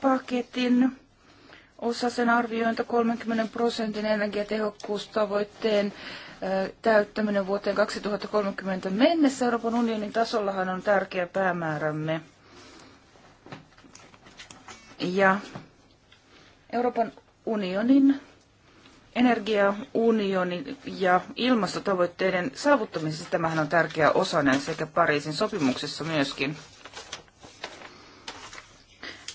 paketin osa sen arviointa 30 prosentin energiatehokkuustavoitteen täyttäminen vuoteen 2030 mennessä. Euroopan unionin tasollahan on tärkeä päämäärämme. Ja Euroopan unionin energiaunionin ja ilmastotavoitteiden saavuttamisessa tämähän on tärkeä osa sekä Pariisin sopimuksessa myöskin.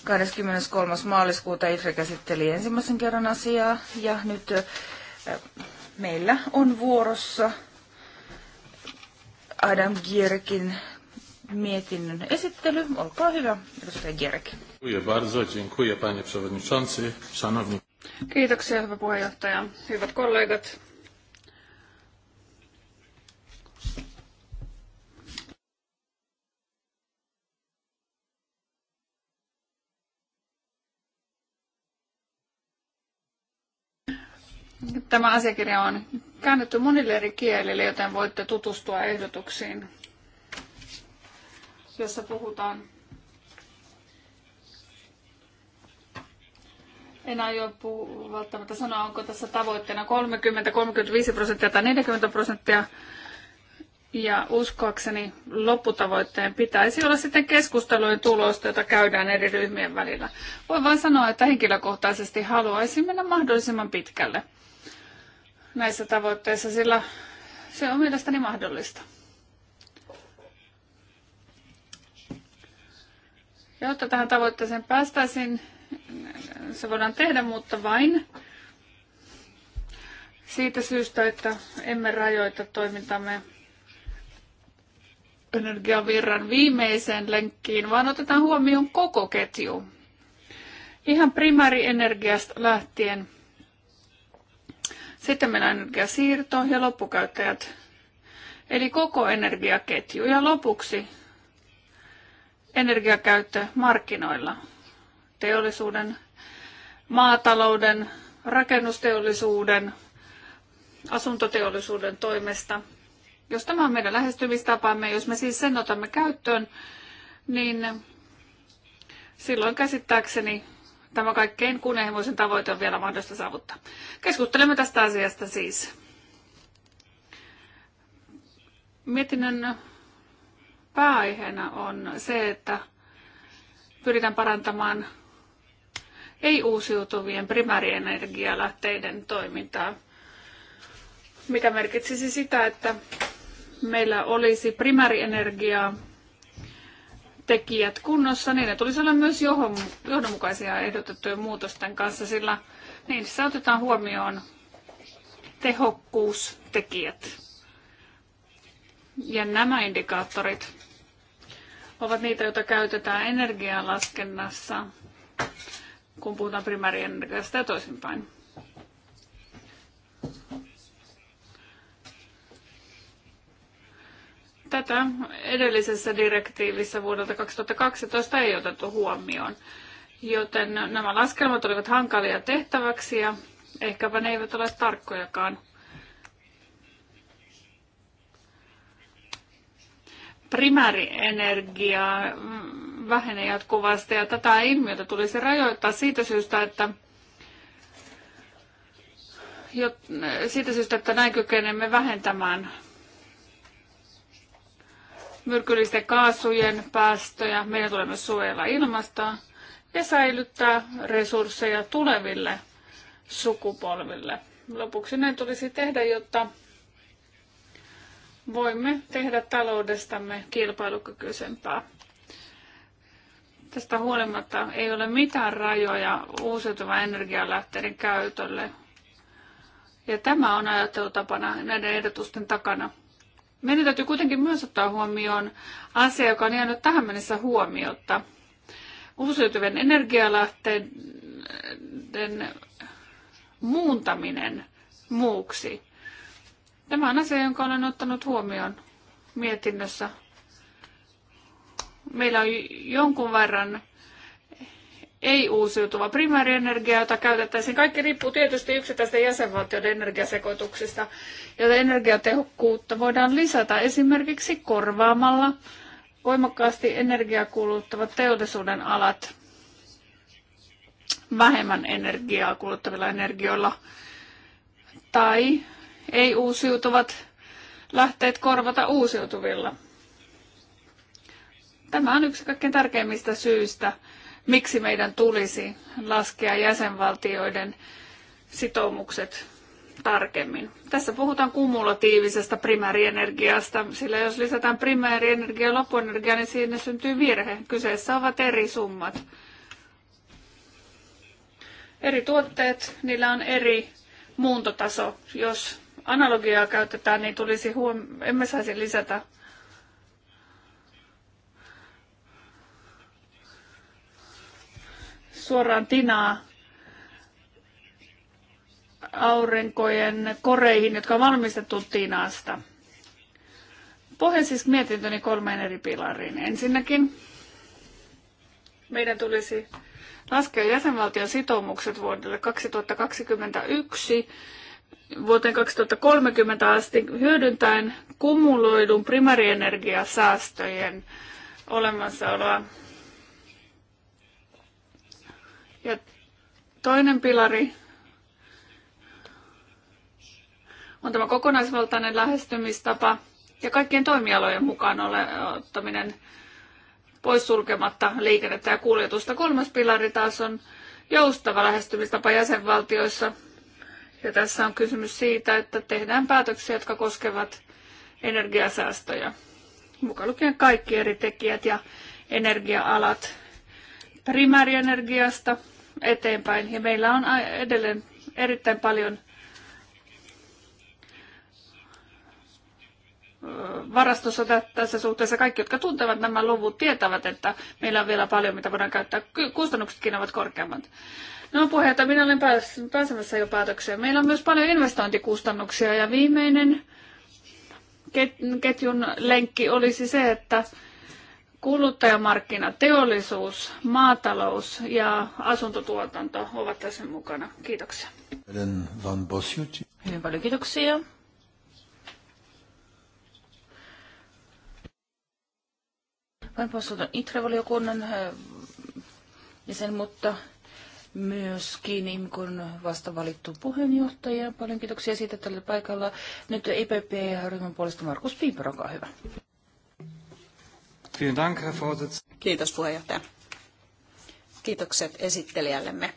23. maaliskuuta IFRE käsitteli ensimmäisen kerran asiaa ja nyt meillä on vuorossa Adam Gierkin mietinnön esittely. Olkaa hyvä, edustaja Gierek. Kiitoksia, hyvä puheenjohtaja. Hyvät kollegat. Tämä asiakirja on käännetty monille eri kielille, joten voitte tutustua ehdotuksiin, jossa puhutaan. En aio puhu, välttämättä sanoa, onko tässä tavoitteena 30, 35 prosenttia tai 40 prosenttia. Ja uskoakseni lopputavoitteen pitäisi olla sitten keskustelujen tulosta, jota käydään eri ryhmien välillä. Voin vain sanoa, että henkilökohtaisesti haluaisin mennä mahdollisimman pitkälle näissä tavoitteissa, sillä se on mielestäni mahdollista. Jotta tähän tavoitteeseen päästäisiin, se voidaan tehdä, mutta vain siitä syystä, että emme rajoita toimintamme energiavirran viimeiseen lenkkiin, vaan otetaan huomioon koko ketju. Ihan primäärienergiasta lähtien sitten meillä on energiasiirto ja loppukäyttäjät, eli koko energiaketju. Ja lopuksi energiakäyttö markkinoilla, teollisuuden, maatalouden, rakennusteollisuuden, asuntoteollisuuden toimesta. Jos tämä on meidän lähestymistapamme, jos me siis sen otamme käyttöön, niin silloin käsittääkseni Tämä kaikkein kunnianhimoisin tavoite on vielä mahdollista saavuttaa. Keskustelemme tästä asiasta siis. Mietinnön pääaiheena on se, että pyritään parantamaan ei-uusiutuvien primäärienergialähteiden toimintaa, mikä merkitsisi sitä, että meillä olisi primäärienergiaa tekijät kunnossa, niin ne tulisi olla myös johdonmukaisia ehdotettujen muutosten kanssa, sillä niissä otetaan huomioon tehokkuustekijät. Ja nämä indikaattorit ovat niitä, joita käytetään energialaskennassa, kun puhutaan primäärienergiasta ja toisinpäin. tätä edellisessä direktiivissä vuodelta 2012 ei otettu huomioon. Joten nämä laskelmat olivat hankalia tehtäväksi ja ehkäpä ne eivät ole tarkkojakaan. Primäärienergia vähenee jatkuvasti ja tätä ilmiötä tulisi rajoittaa siitä syystä, että siitä syystä, että näin kykenemme vähentämään myrkyllisten kaasujen päästöjä. Meidän tulee myös suojella ilmastoa ja säilyttää resursseja tuleville sukupolville. Lopuksi näin tulisi tehdä, jotta voimme tehdä taloudestamme kilpailukykyisempää. Tästä huolimatta ei ole mitään rajoja uusiutuvan energialähteiden käytölle. Ja tämä on ajattelutapana näiden ehdotusten takana. Meidän täytyy kuitenkin myös ottaa huomioon asia, joka on jäänyt tähän mennessä huomiota. Uusiutuvien energialähteiden muuntaminen muuksi. Tämä on asia, jonka olen ottanut huomioon mietinnössä. Meillä on jonkun verran ei uusiutuva primäärienergia, jota käytettäisiin. Kaikki riippuu tietysti yksittäisten jäsenvaltioiden energiasekoituksista, joten energiatehokkuutta voidaan lisätä esimerkiksi korvaamalla voimakkaasti energiaa kuluttavat teollisuuden alat vähemmän energiaa kuluttavilla energioilla tai ei-uusiutuvat lähteet korvata uusiutuvilla. Tämä on yksi kaikkein tärkeimmistä syistä, miksi meidän tulisi laskea jäsenvaltioiden sitoumukset tarkemmin. Tässä puhutaan kumulatiivisesta primäärienergiasta, sillä jos lisätään primäärienergia ja loppuenergia, niin siinä syntyy virhe. Kyseessä ovat eri summat. Eri tuotteet, niillä on eri muuntotaso. Jos analogiaa käytetään, niin tulisi huom- emme saisi lisätä suoraan tinaa aurinkojen koreihin, jotka on valmistettu tinasta. Pohjan siis mietintöni kolmeen eri pilariin. Ensinnäkin meidän tulisi laskea jäsenvaltion sitoumukset vuodelle 2021 vuoteen 2030 asti hyödyntäen kumuloidun primäärienergiasäästöjen olemassaoloa ja toinen pilari on tämä kokonaisvaltainen lähestymistapa ja kaikkien toimialojen mukaan ole ottaminen poissulkematta liikennettä ja kuljetusta. Kolmas pilari taas on joustava lähestymistapa jäsenvaltioissa. Ja tässä on kysymys siitä, että tehdään päätöksiä, jotka koskevat energiasäästöjä, mukaan lukien kaikki eri tekijät ja energia-alat primäärienergiasta eteenpäin ja meillä on edelleen erittäin paljon varastossa tässä suhteessa kaikki, jotka tuntevat nämä luvut, tietävät, että meillä on vielä paljon, mitä voidaan käyttää. Kustannuksetkin ovat korkeammat. No että minä olen pääsemässä jo päätökseen. Meillä on myös paljon investointikustannuksia ja viimeinen ketjun lenkki olisi se, että Kuluttajamarkkina, teollisuus, maatalous ja asuntotuotanto ovat tässä mukana. Kiitoksia. Van Hyvin paljon kiitoksia. Van Bossuton Itre-valiokunnan jäsen, mutta myöskin IMKon vasta valittu puheenjohtaja. Paljon kiitoksia siitä tälle paikalla. Nyt IPP-ryhmän e puolesta Markus Piiper, olkaa hyvä. Kiitos puheenjohtaja. Kiitokset esittelijällemme.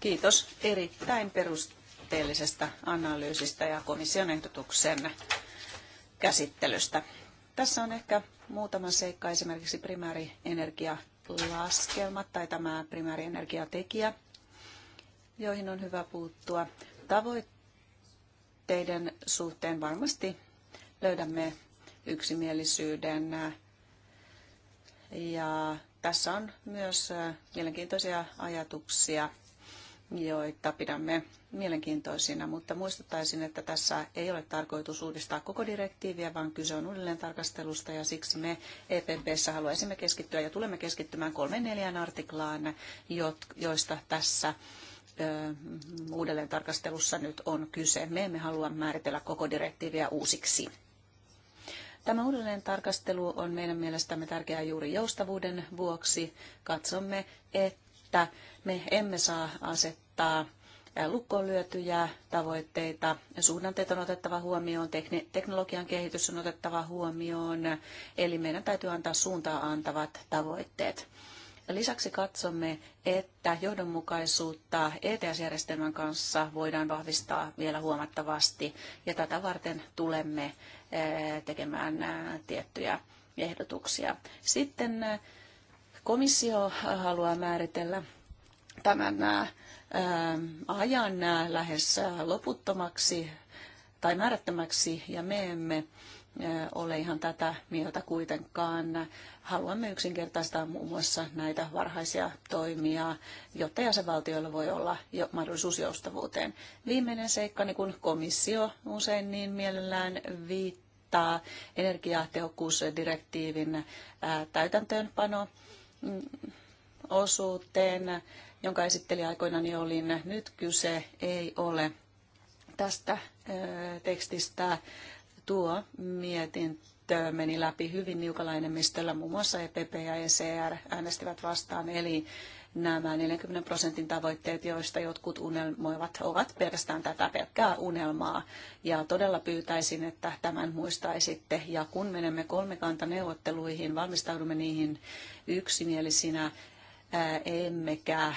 Kiitos erittäin perusteellisesta analyysistä ja komission ehdotuksen käsittelystä. Tässä on ehkä muutama seikka, esimerkiksi primäärienergialaskelmat tai tämä primäärienergiatekijä, joihin on hyvä puuttua. Tavoitteiden suhteen varmasti löydämme yksimielisyyden. Ja tässä on myös äh, mielenkiintoisia ajatuksia, joita pidämme mielenkiintoisina, mutta muistuttaisin, että tässä ei ole tarkoitus uudistaa koko direktiiviä, vaan kyse on uudelleen tarkastelusta ja siksi me EPPssä haluaisimme keskittyä ja tulemme keskittymään kolmeen neljään artiklaan, joista tässä uudelleen tarkastelussa nyt on kyse. Me emme halua määritellä koko direktiiviä uusiksi. Tämä uudelleen tarkastelu on meidän mielestämme tärkeää juuri joustavuuden vuoksi. Katsomme, että me emme saa asettaa lukkoon lyötyjä tavoitteita. Suhdanteet on otettava huomioon, teknologian kehitys on otettava huomioon, eli meidän täytyy antaa suuntaa antavat tavoitteet. Lisäksi katsomme, että johdonmukaisuutta ETS-järjestelmän kanssa voidaan vahvistaa vielä huomattavasti, ja tätä varten tulemme eh, tekemään eh, tiettyjä ehdotuksia. Sitten eh, komissio haluaa määritellä tämän ajan lähes loputtomaksi tai määrättömäksi, ja me emme ole ihan tätä mieltä kuitenkaan. Haluamme yksinkertaistaa muun muassa näitä varhaisia toimia, jotta jäsenvaltioilla voi olla jo mahdollisuus joustavuuteen. Viimeinen seikka, niin kun komissio usein niin mielellään viittaa energiatehokkuusdirektiivin täytäntöönpano mm, osuuteen, jonka esitteli aikoinani niin olin. Nyt kyse ei ole tästä tekstistä, tuo mietintö meni läpi hyvin niukalla enemmistöllä. Muun muassa EPP ja ECR äänestivät vastaan, eli nämä 40 prosentin tavoitteet, joista jotkut unelmoivat, ovat pelkästään tätä pelkkää unelmaa. Ja todella pyytäisin, että tämän muistaisitte. Ja kun menemme kolmekanta-neuvotteluihin valmistaudumme niihin yksimielisinä emmekä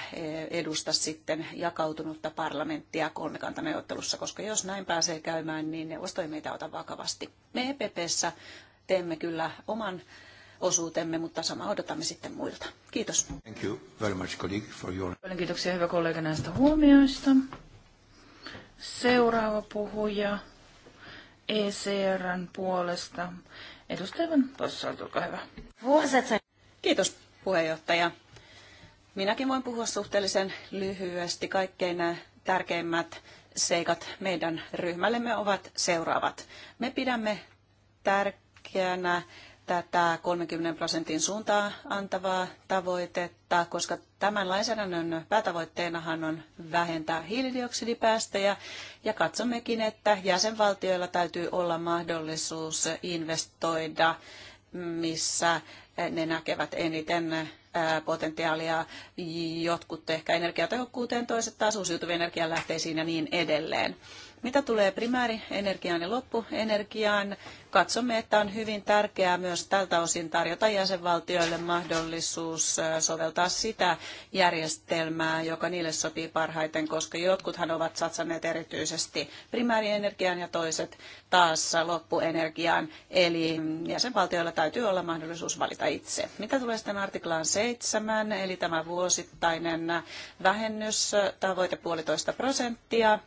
edusta sitten jakautunutta parlamenttia kolmikantaneuvottelussa, koska jos näin pääsee käymään, niin neuvosto ei meitä ota vakavasti. Me EPPssä teemme kyllä oman osuutemme, mutta sama odotamme sitten muilta. Kiitos. Thank you very much, colleague, for your... Paljon kiitoksia hyvä kollega näistä huomioista. Seuraava puhuja ECRn puolesta. Edustajan Possaltu, olkaa hyvä. Kiitos puheenjohtaja. Minäkin voin puhua suhteellisen lyhyesti. Kaikkein nämä tärkeimmät seikat meidän ryhmällemme ovat seuraavat. Me pidämme tärkeänä tätä 30 prosentin suuntaa antavaa tavoitetta, koska tämän lainsäädännön päätavoitteenahan on vähentää hiilidioksidipäästöjä ja katsommekin, että jäsenvaltioilla täytyy olla mahdollisuus investoida, missä ne näkevät eniten potentiaalia, jotkut ehkä energiatehokkuuteen, toiset taas uusiutuvien energialähteisiin ja niin edelleen. Mitä tulee primäärienergiaan ja loppuenergiaan, katsomme, että on hyvin tärkeää myös tältä osin tarjota jäsenvaltioille mahdollisuus soveltaa sitä järjestelmää, joka niille sopii parhaiten, koska jotkuthan ovat satsanneet erityisesti primäärienergiaan ja toiset taas loppuenergiaan. Eli jäsenvaltioilla täytyy olla mahdollisuus valita itse. Mitä tulee sitten artiklaan 7, eli tämä vuosittainen vähennystavoite puolitoista prosenttia,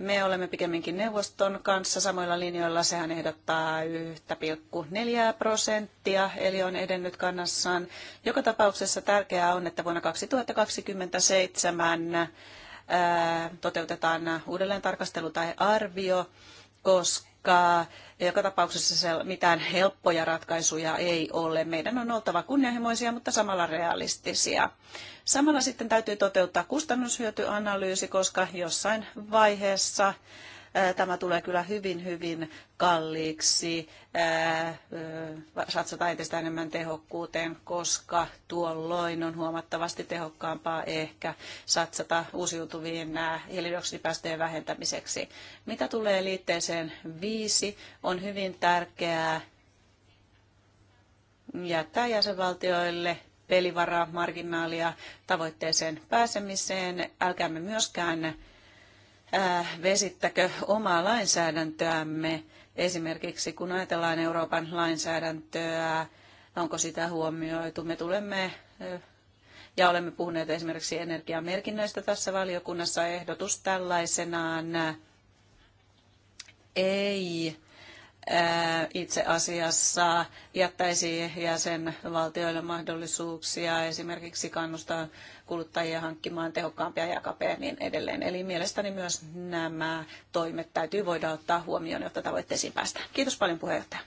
me olemme pikemminkin neuvoston kanssa samoilla linjoilla. Sehän ehdottaa 1,4 prosenttia, eli on edennyt kannassaan. Joka tapauksessa tärkeää on, että vuonna 2027 toteutetaan uudelleen tarkastelu tai arvio koska joka tapauksessa mitään helppoja ratkaisuja ei ole. Meidän on oltava kunnianhimoisia, mutta samalla realistisia. Samalla sitten täytyy toteuttaa kustannushyötyanalyysi, koska jossain vaiheessa tämä tulee kyllä hyvin, hyvin kalliiksi. Satsata entistä enemmän tehokkuuteen, koska tuolloin on huomattavasti tehokkaampaa ehkä satsata uusiutuviin hiilidioksidipäästöjen vähentämiseksi. Mitä tulee liitteeseen viisi, on hyvin tärkeää jättää jäsenvaltioille pelivaraa, marginaalia tavoitteeseen pääsemiseen. Älkäämme myöskään Äh, vesittäkö omaa lainsäädäntöämme, esimerkiksi kun ajatellaan Euroopan lainsäädäntöä, onko sitä huomioitu. Me tulemme äh, ja olemme puhuneet esimerkiksi energiamerkinnöistä tässä valiokunnassa. Ehdotus tällaisenaan ei äh, itse asiassa jättäisi jäsenvaltioille mahdollisuuksia esimerkiksi kannustaa kuluttajia hankkimaan tehokkaampia jakapeja ja niin edelleen. Eli mielestäni myös nämä toimet täytyy voida ottaa huomioon, jotta tavoitteisiin päästään. Kiitos paljon puheenjohtaja.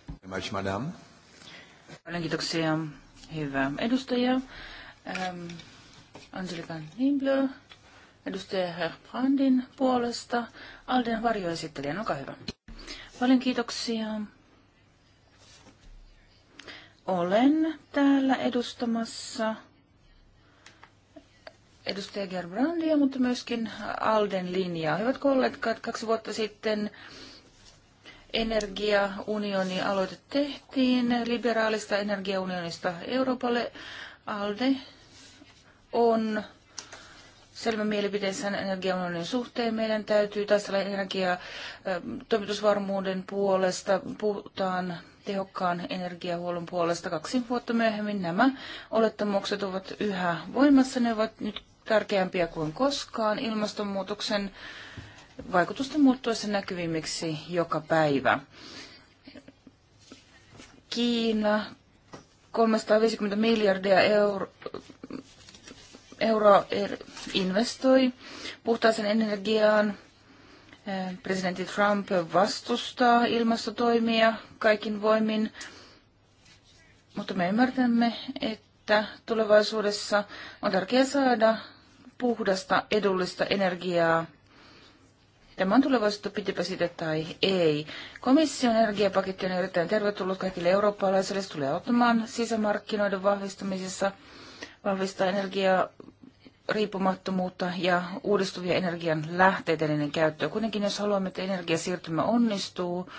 Paljon kiitoksia. Hyvä. Edustaja ähm, Angelika Nimblö, edustaja Herr Brandin puolesta. Alden varjoesittelijän, olkaa hyvä. Paljon kiitoksia. Olen täällä edustamassa edustaja Gerbrandia, mutta myöskin Alden linjaa. Hyvät kollegat, kaksi vuotta sitten energiaunioni aloite tehtiin liberaalista energiaunionista Euroopalle. ALDE on selvä mielipiteessä energiaunionin suhteen. Meidän täytyy taistella energia toimitusvarmuuden puolesta. Puhutaan tehokkaan energiahuollon puolesta kaksi vuotta myöhemmin. Nämä olettamukset ovat yhä voimassa. Ne ovat nyt tärkeämpiä kuin koskaan ilmastonmuutoksen vaikutusten muuttuessa näkyvimmiksi joka päivä. Kiina 350 miljardia euro, euroa er- investoi puhtaaseen energiaan. Eh, presidentti Trump vastustaa ilmastotoimia kaikin voimin, mutta me ymmärtämme, että tulevaisuudessa on tärkeää saada puhdasta, edullista energiaa. Tämä on tulevaisuutta, pitipä sitä tai ei. Komission energiapaketti on erittäin tervetullut kaikille eurooppalaisille. Se tulee auttamaan sisämarkkinoiden vahvistamisessa, vahvistaa energiaa riippumattomuutta ja uudistuvia energian lähteitä ennen käyttöä. Kuitenkin jos haluamme, että energiasiirtymä onnistuu,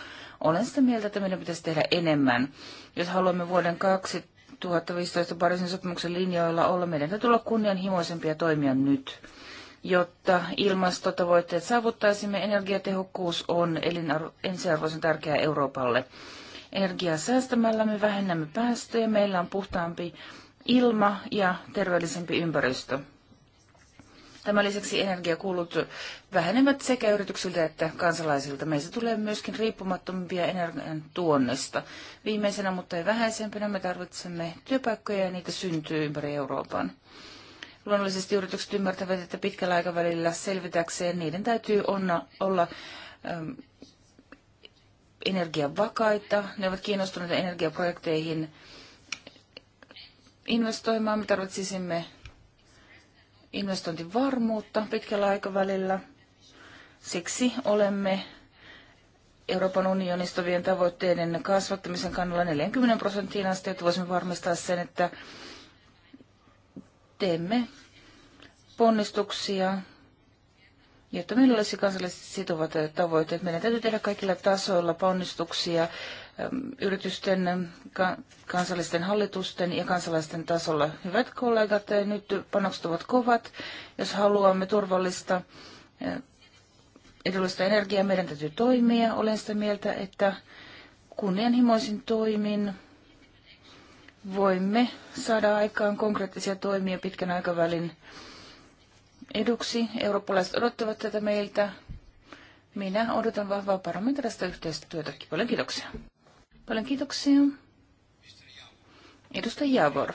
olen sitä mieltä, että meidän pitäisi tehdä enemmän. Jos haluamme vuoden 2000 2015 Pariisin sopimuksen linjoilla olla. Meidän täytyy olla kunnianhimoisempia toimia nyt, jotta ilmastotavoitteet saavuttaisimme. Energiatehokkuus on ensiarvoisen tärkeää Euroopalle. Energiaa säästämällä me vähennämme päästöjä, meillä on puhtaampi ilma ja terveellisempi ympäristö. Tämän lisäksi energiakulut vähenevät sekä yrityksiltä että kansalaisilta. Meistä tulee myöskin riippumattomimpia energian tuonnesta. Viimeisenä, mutta ei vähäisempänä, me tarvitsemme työpaikkoja ja niitä syntyy ympäri Euroopan. Luonnollisesti yritykset ymmärtävät, että pitkällä aikavälillä selvitäkseen niiden täytyy onna, olla äm, energiavakaita. Ne ovat kiinnostuneita energiaprojekteihin investoimaan. Me tarvitsisimme investointivarmuutta pitkällä aikavälillä. Siksi olemme Euroopan unionista vien tavoitteiden kasvattamisen kannalla 40 prosenttiin asti, että voisimme varmistaa sen, että teemme ponnistuksia, jotta meillä olisi kansallisesti sitovat tavoitteet. Meidän täytyy tehdä kaikilla tasoilla ponnistuksia yritysten, kansallisten hallitusten ja kansalaisten tasolla. Hyvät kollegat, nyt panokset ovat kovat. Jos haluamme turvallista edullista energiaa, meidän täytyy toimia. Olen sitä mieltä, että kunnianhimoisin toimin voimme saada aikaan konkreettisia toimia pitkän aikavälin eduksi. Eurooppalaiset odottavat tätä meiltä. Minä odotan vahvaa parlamentaarista yhteistyötä. Paljon kiitoksia. Paljon kiitoksia. Edustaja Javor,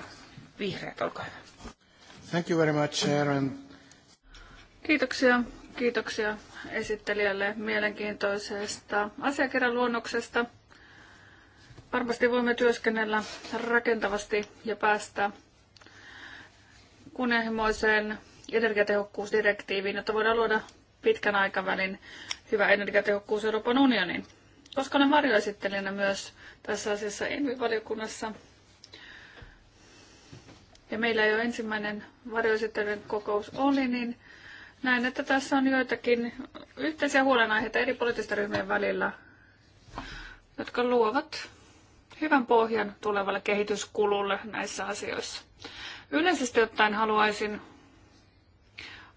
vihreät, olkaa hyvä. Thank you very much, Sharon. Kiitoksia. Kiitoksia esittelijälle mielenkiintoisesta asiakirjan luonnoksesta. Varmasti voimme työskennellä rakentavasti ja päästä kunnianhimoiseen energiatehokkuusdirektiiviin, jotta voidaan luoda pitkän aikavälin hyvä energiatehokkuus Euroopan unionin. Koska olen varjoesittelijänä myös tässä asiassa ENVI-valiokunnassa. Ja meillä jo ensimmäinen varjoesittelyn kokous oli, niin näen, että tässä on joitakin yhteisiä huolenaiheita eri poliittisten ryhmien välillä, jotka luovat hyvän pohjan tulevalle kehityskululle näissä asioissa. Yleisesti ottaen haluaisin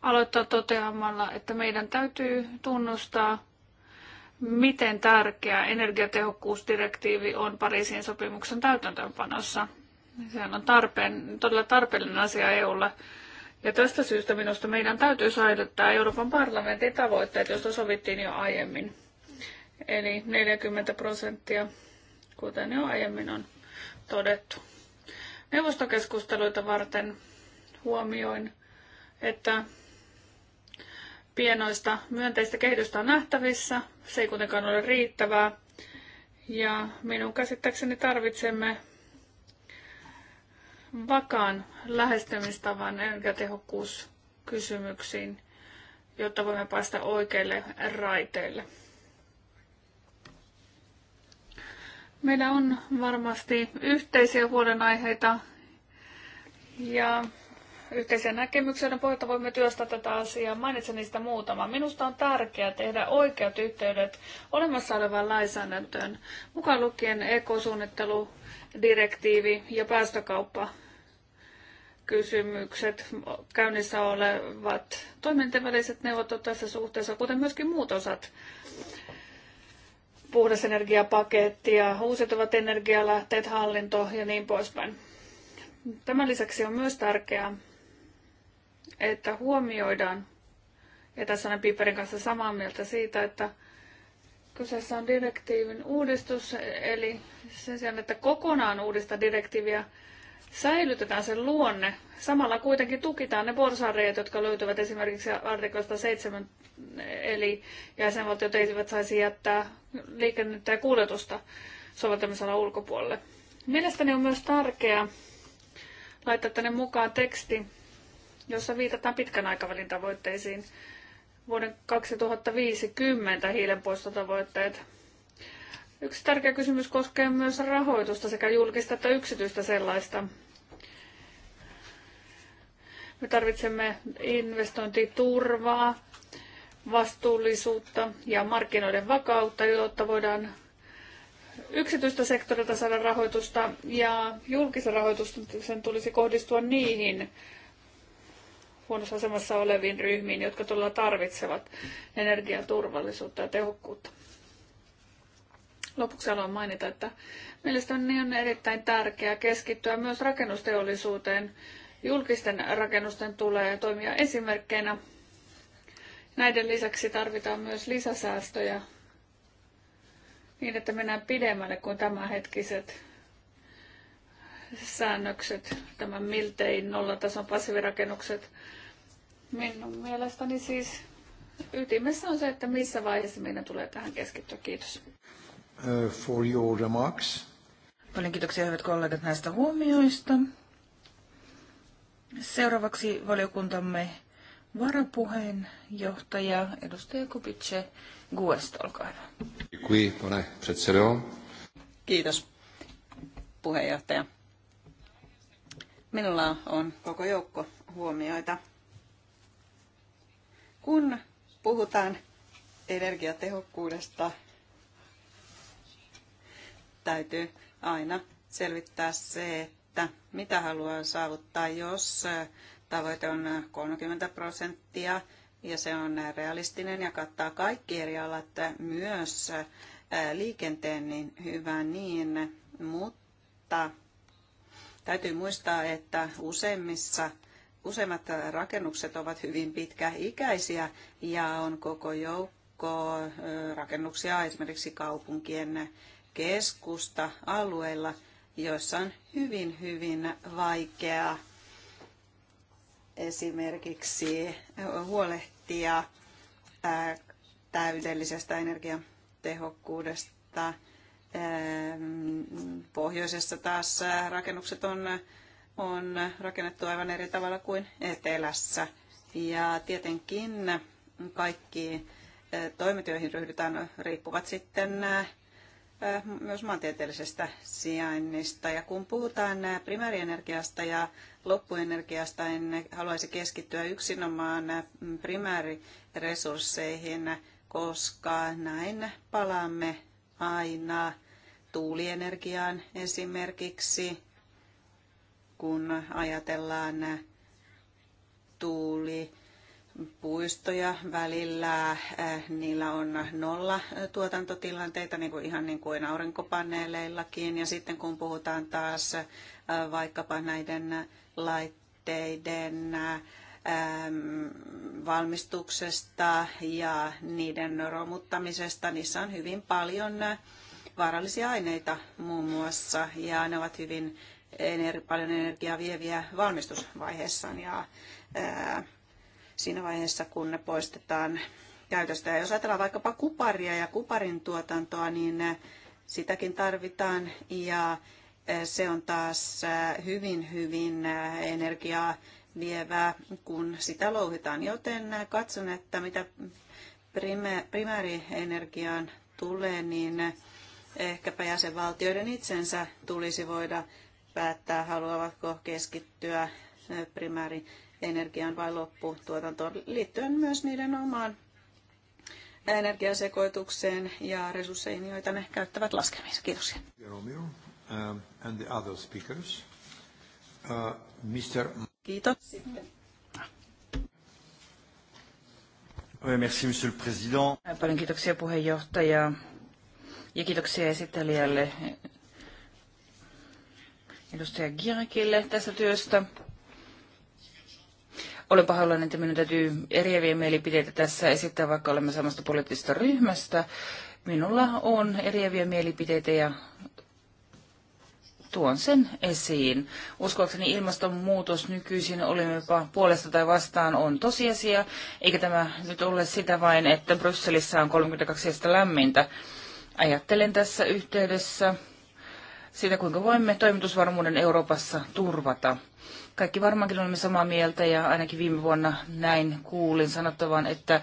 aloittaa toteamalla, että meidän täytyy tunnustaa miten tärkeä energiatehokkuusdirektiivi on Pariisin sopimuksen täytäntöönpanossa. Sehän on tarpeen, todella tarpeellinen asia EUlle. Ja tästä syystä minusta meidän täytyy säilyttää Euroopan parlamentin tavoitteet, joista sovittiin jo aiemmin. Eli 40 prosenttia, kuten jo aiemmin on todettu. Neuvostokeskusteluita varten huomioin, että pienoista myönteistä kehitystä on nähtävissä. Se ei kuitenkaan ole riittävää. Ja minun käsittääkseni tarvitsemme vakaan lähestymistavan energiatehokkuuskysymyksiin, jotta voimme päästä oikeille raiteille. Meillä on varmasti yhteisiä huolenaiheita ja yhteisiä näkemyksiä, joiden pohjalta voimme työstää tätä asiaa. Mainitsen niistä muutama. Minusta on tärkeää tehdä oikeat yhteydet olemassa olevaan lainsäädäntöön, mukaan lukien ekosuunnitteludirektiivi ja päästökauppa kysymykset, käynnissä olevat väliset neuvottelut tässä suhteessa, kuten myöskin muut osat puhdas energiapakettia, uusiutuvat energialähteet, hallinto ja niin poispäin. Tämän lisäksi on myös tärkeää että huomioidaan, ja tässä olen Piperin kanssa samaa mieltä siitä, että kyseessä on direktiivin uudistus, eli sen sijaan, että kokonaan uudista direktiiviä, säilytetään sen luonne. Samalla kuitenkin tukitaan ne porsareet, jotka löytyvät esimerkiksi artikosta 7, eli jäsenvaltiot eivät saisi jättää liikennettä ja kuljetusta soveltamisalan ulkopuolelle. Mielestäni on myös tärkeää laittaa tänne mukaan teksti, jossa viitataan pitkän aikavälin tavoitteisiin. Vuoden 2050 hiilenpoistotavoitteet. Yksi tärkeä kysymys koskee myös rahoitusta sekä julkista että yksityistä sellaista. Me tarvitsemme investointiturvaa, vastuullisuutta ja markkinoiden vakautta, jotta voidaan yksityistä sektorilta saada rahoitusta ja julkisen sen tulisi kohdistua niihin huonossa asemassa oleviin ryhmiin, jotka todella tarvitsevat energiaturvallisuutta ja tehokkuutta. Lopuksi haluan mainita, että mielestäni on erittäin tärkeää keskittyä myös rakennusteollisuuteen. Julkisten rakennusten tulee toimia esimerkkeinä. Näiden lisäksi tarvitaan myös lisäsäästöjä niin, että mennään pidemmälle kuin tämänhetkiset säännökset, tämä miltei nollatason passiivirakennukset. Minun mielestäni siis ytimessä on se, että missä vaiheessa meidän tulee tähän keskittyä. Kiitos. Uh, for your remarks. Paljon kiitoksia hyvät kollegat näistä huomioista. Seuraavaksi valiokuntamme varapuheenjohtaja edustaja Kupitse Guest, olkaa hyvä. Kiitos puheenjohtaja. Minulla on koko joukko huomioita. Kun puhutaan energiatehokkuudesta, täytyy aina selvittää se, että mitä haluaa saavuttaa, jos tavoite on 30 prosenttia ja se on realistinen ja kattaa kaikki eri alat, myös liikenteen, niin hyvä niin, mutta Täytyy muistaa, että useimmissa Useimmat rakennukset ovat hyvin pitkäikäisiä ja on koko joukko rakennuksia esimerkiksi kaupunkien keskusta alueilla, joissa on hyvin, hyvin vaikea esimerkiksi huolehtia täydellisestä energiatehokkuudesta Pohjoisessa taas rakennukset on, on rakennettu aivan eri tavalla kuin etelässä. Ja tietenkin kaikki toimet, joihin ryhdytään, riippuvat sitten myös maantieteellisestä sijainnista. Ja kun puhutaan primäärienergiasta ja loppuenergiasta, en haluaisi keskittyä yksinomaan primääriresursseihin, koska näin palaamme aina tuulienergiaan esimerkiksi, kun ajatellaan tuuli puistoja välillä. Eh, niillä on nolla tuotantotilanteita, niin kuin ihan niin kuin aurinkopaneeleillakin. Ja sitten kun puhutaan taas eh, vaikkapa näiden laitteiden eh, valmistuksesta ja niiden romuttamisesta, niissä on hyvin paljon vaarallisia aineita muun muassa, ja ne ovat hyvin ener- paljon energiaa vieviä valmistusvaiheessaan ja ää, siinä vaiheessa, kun ne poistetaan käytöstä. Ja jos ajatellaan vaikkapa kuparia ja kuparin tuotantoa, niin sitäkin tarvitaan ja se on taas hyvin, hyvin energiaa vievää, kun sitä louhitaan. Joten katson, että mitä primäärienergiaan tulee, niin ehkäpä jäsenvaltioiden itsensä tulisi voida päättää, haluavatko keskittyä primäärienergiaan vai lopputuotantoon, liittyen myös niiden omaan energiasekoitukseen ja resursseihin, joita ne käyttävät laskemiseen. Um, uh, Kiitos. Kiitos. Sitten. Paljon kiitoksia puheenjohtaja. Ja kiitoksia esittelijälle edustaja Girkille tästä työstä. Olen pahoillani, että minun täytyy eriäviä mielipiteitä tässä esittää, vaikka olemme samasta poliittisesta ryhmästä. Minulla on eriäviä mielipiteitä ja tuon sen esiin. Uskoakseni ilmastonmuutos nykyisin, olimmepa puolesta tai vastaan, on tosiasia, eikä tämä nyt ole sitä vain, että Brysselissä on 32 lämmintä. Ajattelen tässä yhteydessä sitä, kuinka voimme toimitusvarmuuden Euroopassa turvata. Kaikki varmaankin olemme samaa mieltä ja ainakin viime vuonna näin kuulin sanottavan, että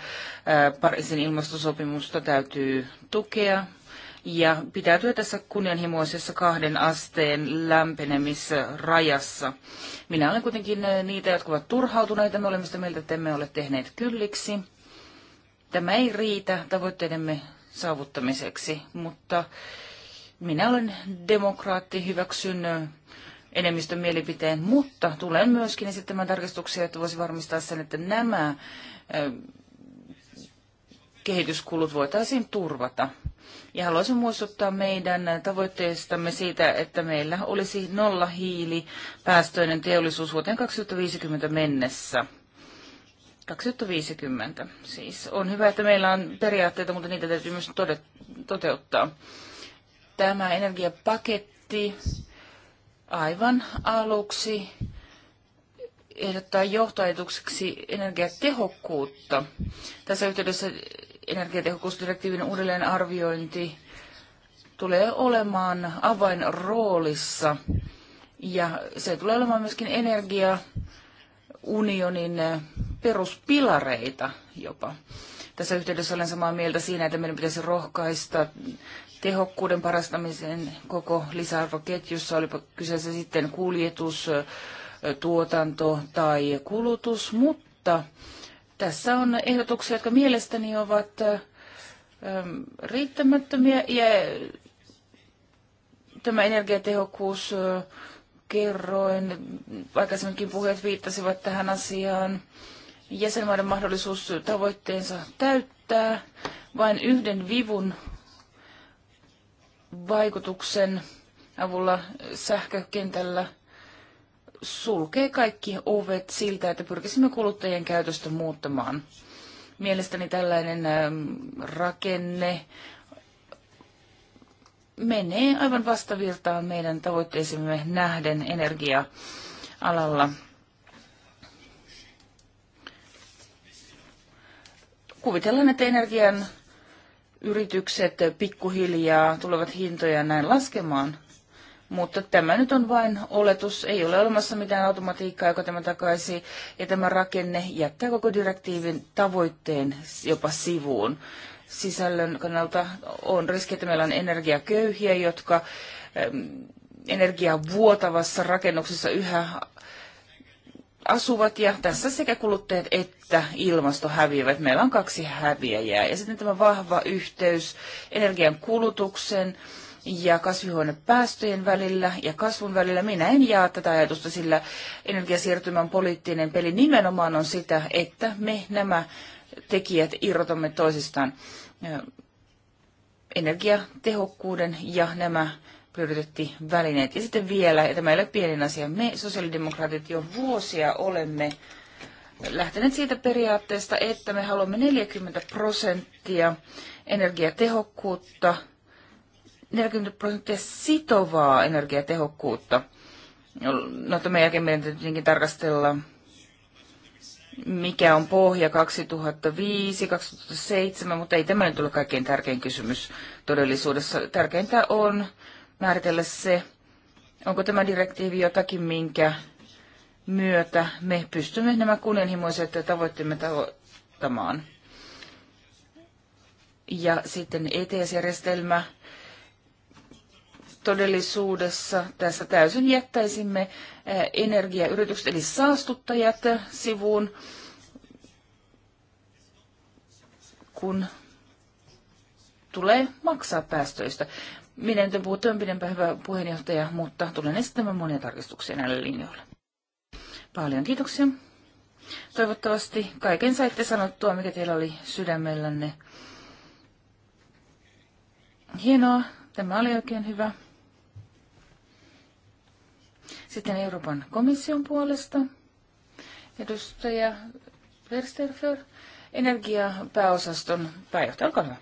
Pariisin ilmastosopimusta täytyy tukea ja pitäytyä tässä kunnianhimoisessa kahden asteen lämpenemisrajassa. Minä olen kuitenkin niitä, jotka ovat turhautuneita. Me olemme sitä mieltä, että emme ole tehneet kylliksi. Tämä ei riitä tavoitteidemme saavuttamiseksi, mutta minä olen demokraatti, hyväksyn enemmistön mielipiteen, mutta tulen myöskin esittämään tarkistuksia, että voisi varmistaa sen, että nämä kehityskulut voitaisiin turvata. Ja haluaisin muistuttaa meidän tavoitteestamme siitä, että meillä olisi nolla hiilipäästöinen teollisuus vuoteen 2050 mennessä. 2050 siis. On hyvä, että meillä on periaatteita, mutta niitä täytyy myös toteuttaa. Tämä energiapaketti aivan aluksi ehdottaa johtoajatukseksi energiatehokkuutta. Tässä yhteydessä energiatehokkuusdirektiivin uudelleenarviointi tulee olemaan avainroolissa ja se tulee olemaan myöskin energiaunionin peruspilareita jopa. Tässä yhteydessä olen samaa mieltä siinä, että meidän pitäisi rohkaista tehokkuuden parastamisen koko lisäarvoketjussa, olipa kyseessä sitten kuljetus, tuotanto tai kulutus, mutta tässä on ehdotuksia, jotka mielestäni ovat ähm, riittämättömiä ja tämä energiatehokkuus äh, kerroin, aikaisemminkin puheet viittasivat tähän asiaan jäsenmaiden mahdollisuus tavoitteensa täyttää vain yhden vivun vaikutuksen avulla sähkökentällä sulkee kaikki ovet siltä, että pyrkisimme kuluttajien käytöstä muuttamaan. Mielestäni tällainen ähm, rakenne menee aivan vastavirtaan meidän tavoitteisimme nähden energia-alalla. kuvitellaan, että energian yritykset pikkuhiljaa tulevat hintoja näin laskemaan. Mutta tämä nyt on vain oletus, ei ole olemassa mitään automatiikkaa, joka tämä takaisi, ja tämä rakenne jättää koko direktiivin tavoitteen jopa sivuun. Sisällön kannalta on riski, että meillä on energiaköyhiä, jotka energiaa vuotavassa rakennuksessa yhä asuvat ja tässä sekä kuluttajat että ilmasto häviävät. Meillä on kaksi häviäjää ja sitten tämä vahva yhteys energian kulutuksen ja kasvihuonepäästöjen välillä ja kasvun välillä. Minä en jaa tätä ajatusta, sillä energiasiirtymän poliittinen peli nimenomaan on sitä, että me nämä tekijät irrotamme toisistaan energiatehokkuuden ja nämä löydetty välineet. Ja sitten vielä, ja tämä ei ole pienin asia, me sosiaalidemokraatit jo vuosia olemme lähteneet siitä periaatteesta, että me haluamme 40 prosenttia energiatehokkuutta, 40 prosenttia sitovaa energiatehokkuutta. No tämän jälkeen meidän täytyy tietenkin tarkastella, mikä on pohja 2005, 2007, mutta ei tämä nyt ole kaikkein tärkein kysymys todellisuudessa. Tärkeintä on määritellä se, onko tämä direktiivi jotakin, minkä myötä me pystymme nämä kunnianhimoiset tavoitteemme tavoittamaan. Ja sitten ETS-järjestelmä todellisuudessa tässä täysin jättäisimme eh, energiayritykset eli saastuttajat eh, sivuun, kun tulee maksaa päästöistä. Minä en puhu pidempään hyvä puheenjohtaja, mutta tulen esittämään monia tarkistuksia näillä linjoilla. Paljon kiitoksia. Toivottavasti kaiken saitte sanottua, mikä teillä oli sydämellänne. Hienoa, tämä oli oikein hyvä. Sitten Euroopan komission puolesta edustaja Versterfer energiapääosaston pääjohtaja. Olkaa hyvä.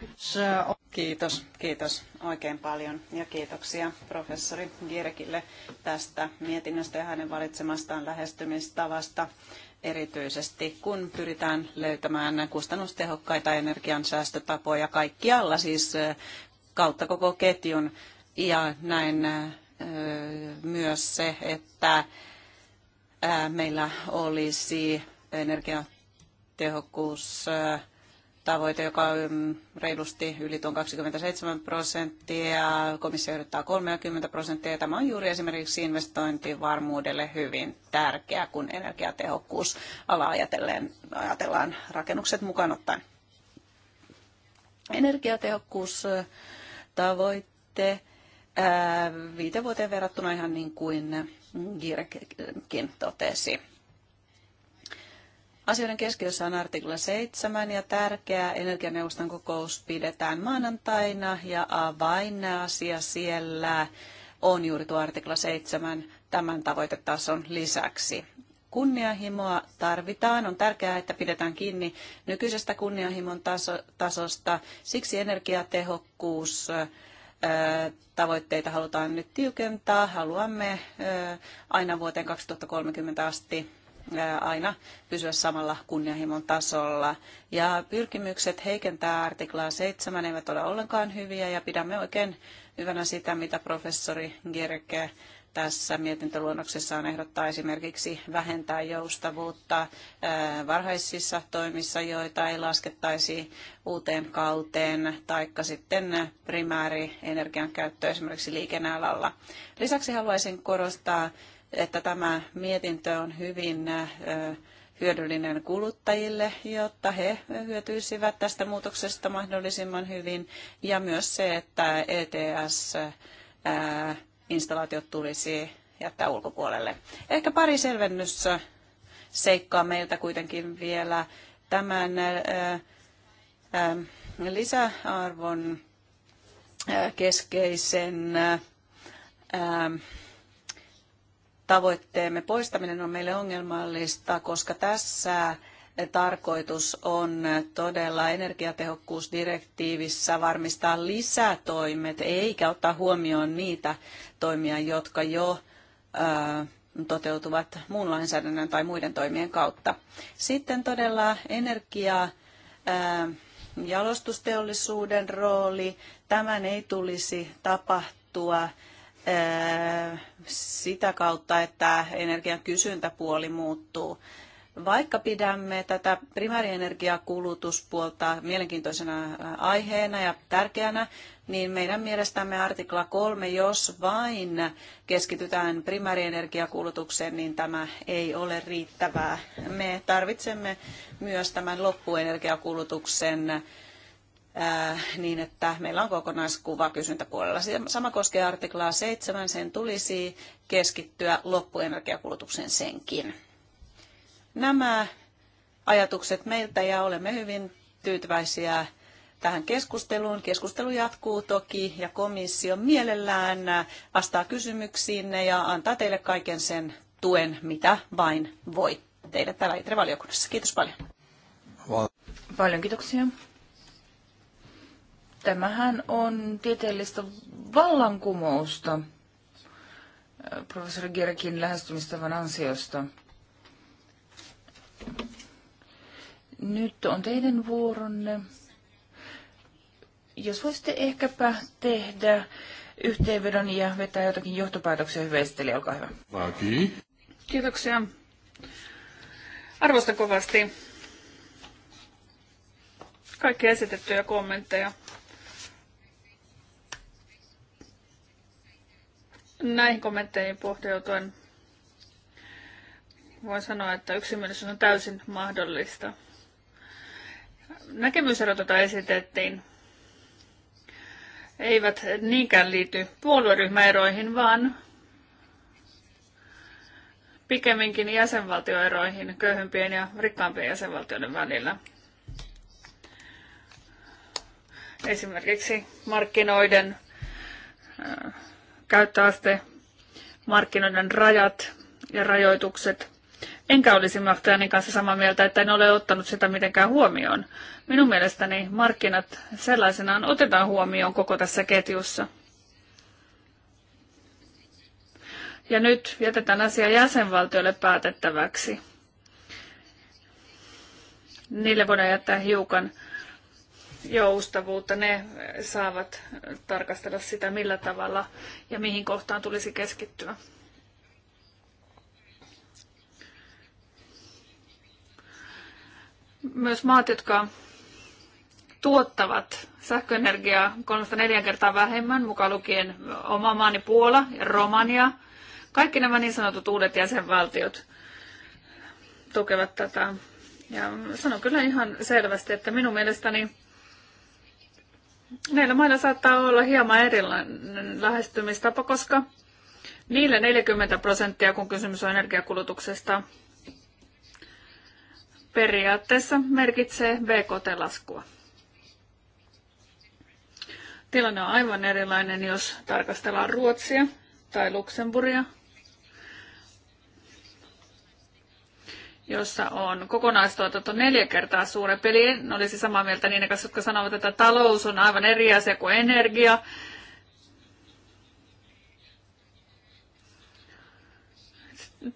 Kiitos, kiitos oikein paljon ja kiitoksia professori Gierkille tästä mietinnöstä ja hänen valitsemastaan lähestymistavasta erityisesti, kun pyritään löytämään kustannustehokkaita energiansäästötapoja kaikkialla, siis kautta koko ketjun. Ja näin myös se, että meillä olisi energia energiatehokkuustavoite, joka on reilusti yli tuon 27 prosenttia. Komissio yrittää 30 prosenttia. Tämä on juuri esimerkiksi investointivarmuudelle hyvin tärkeä, kun energiatehokkuus ala ajatellaan rakennukset mukaan ottaen. Energiatehokkuustavoitte viite vuoteen verrattuna ihan niin kuin Girkkin totesi. Asioiden keskiössä on artikla 7 ja tärkeä energianeuvoston kokous pidetään maanantaina ja avainasia siellä on juuri tuo artikla 7 tämän tavoitetason lisäksi. Kunnianhimoa tarvitaan. On tärkeää, että pidetään kiinni nykyisestä kunnianhimon taso- tasosta. Siksi energiatehokkuus tavoitteita halutaan nyt tiukentaa. Haluamme aina vuoteen 2030 asti aina pysyä samalla kunnianhimon tasolla. Ja pyrkimykset heikentää artiklaa 7 eivät ole ollenkaan hyviä ja pidämme oikein hyvänä sitä, mitä professori Gerke tässä mietintöluonnoksessaan ehdottaa esimerkiksi vähentää joustavuutta varhaisissa toimissa, joita ei laskettaisi uuteen kauteen, taikka sitten energian käyttö esimerkiksi liikennealalla. Lisäksi haluaisin korostaa että tämä mietintö on hyvin hyödyllinen kuluttajille, jotta he hyötyisivät tästä muutoksesta mahdollisimman hyvin. Ja myös se, että ETS-installaatiot tulisi jättää ulkopuolelle. Ehkä pari selvennyssä seikkaa meiltä kuitenkin vielä tämän lisäarvon keskeisen tavoitteemme poistaminen on meille ongelmallista, koska tässä tarkoitus on todella energiatehokkuusdirektiivissä varmistaa lisätoimet, eikä ottaa huomioon niitä toimia, jotka jo toteutuvat muun lainsäädännön tai muiden toimien kautta. Sitten todella energiaa jalostusteollisuuden rooli. Tämän ei tulisi tapahtua sitä kautta, että energian kysyntäpuoli muuttuu. Vaikka pidämme tätä primäärienergiakulutuspuolta mielenkiintoisena aiheena ja tärkeänä, niin meidän mielestämme artikla 3, jos vain keskitytään primäärienergiakulutukseen, niin tämä ei ole riittävää. Me tarvitsemme myös tämän loppuenergiakulutuksen niin, että meillä on kokonaiskuva kysyntäpuolella. Sama koskee artiklaa 7, sen tulisi keskittyä loppuenergiakulutukseen senkin. Nämä ajatukset meiltä ja olemme hyvin tyytyväisiä tähän keskusteluun. Keskustelu jatkuu toki ja komissio mielellään vastaa kysymyksiinne ja antaa teille kaiken sen tuen, mitä vain voi teille täällä Itre-valiokunnassa. Kiitos paljon. Paljon kiitoksia. Tämähän on tieteellistä vallankumousta äh, professori Gerkin lähestymistavan ansiosta. Nyt on teidän vuoronne. Jos voisitte ehkäpä tehdä yhteenvedon ja vetää jotakin johtopäätöksiä, hyvä esittelijä, olkaa hyvä. Vaatii. Kiitoksia. Arvostan kovasti kaikkia esitettyjä kommentteja. Näihin kommentteihin pohjautuen voin sanoa, että yksimielisyys on täysin mahdollista. Näkemyserot, joita esitettiin, eivät niinkään liity puolueryhmäeroihin, vaan pikemminkin jäsenvaltioeroihin köyhempien ja rikkaampien jäsenvaltioiden välillä. Esimerkiksi markkinoiden äh, käyttöaste, markkinoiden rajat ja rajoitukset. Enkä olisi Mahtajani kanssa samaa mieltä, että en ole ottanut sitä mitenkään huomioon. Minun mielestäni markkinat sellaisenaan otetaan huomioon koko tässä ketjussa. Ja nyt jätetään asia jäsenvaltioille päätettäväksi. Niille voidaan jättää hiukan joustavuutta. Ne saavat tarkastella sitä, millä tavalla ja mihin kohtaan tulisi keskittyä. Myös maat, jotka tuottavat sähköenergiaa 3-4 kertaa vähemmän, mukaan lukien oma maani Puola ja Romania. Kaikki nämä niin sanotut uudet jäsenvaltiot tukevat tätä. Ja sanon kyllä ihan selvästi, että minun mielestäni Näillä mailla saattaa olla hieman erilainen lähestymistapa, koska niille 40 prosenttia, kun kysymys on energiakulutuksesta, periaatteessa merkitsee BKT-laskua. Tilanne on aivan erilainen, jos tarkastellaan Ruotsia tai Luxemburgia jossa on kokonaistuotanto neljä kertaa suurempi. Eli en olisi samaa mieltä niiden kanssa, jotka sanovat, että talous on aivan eri asia kuin energia.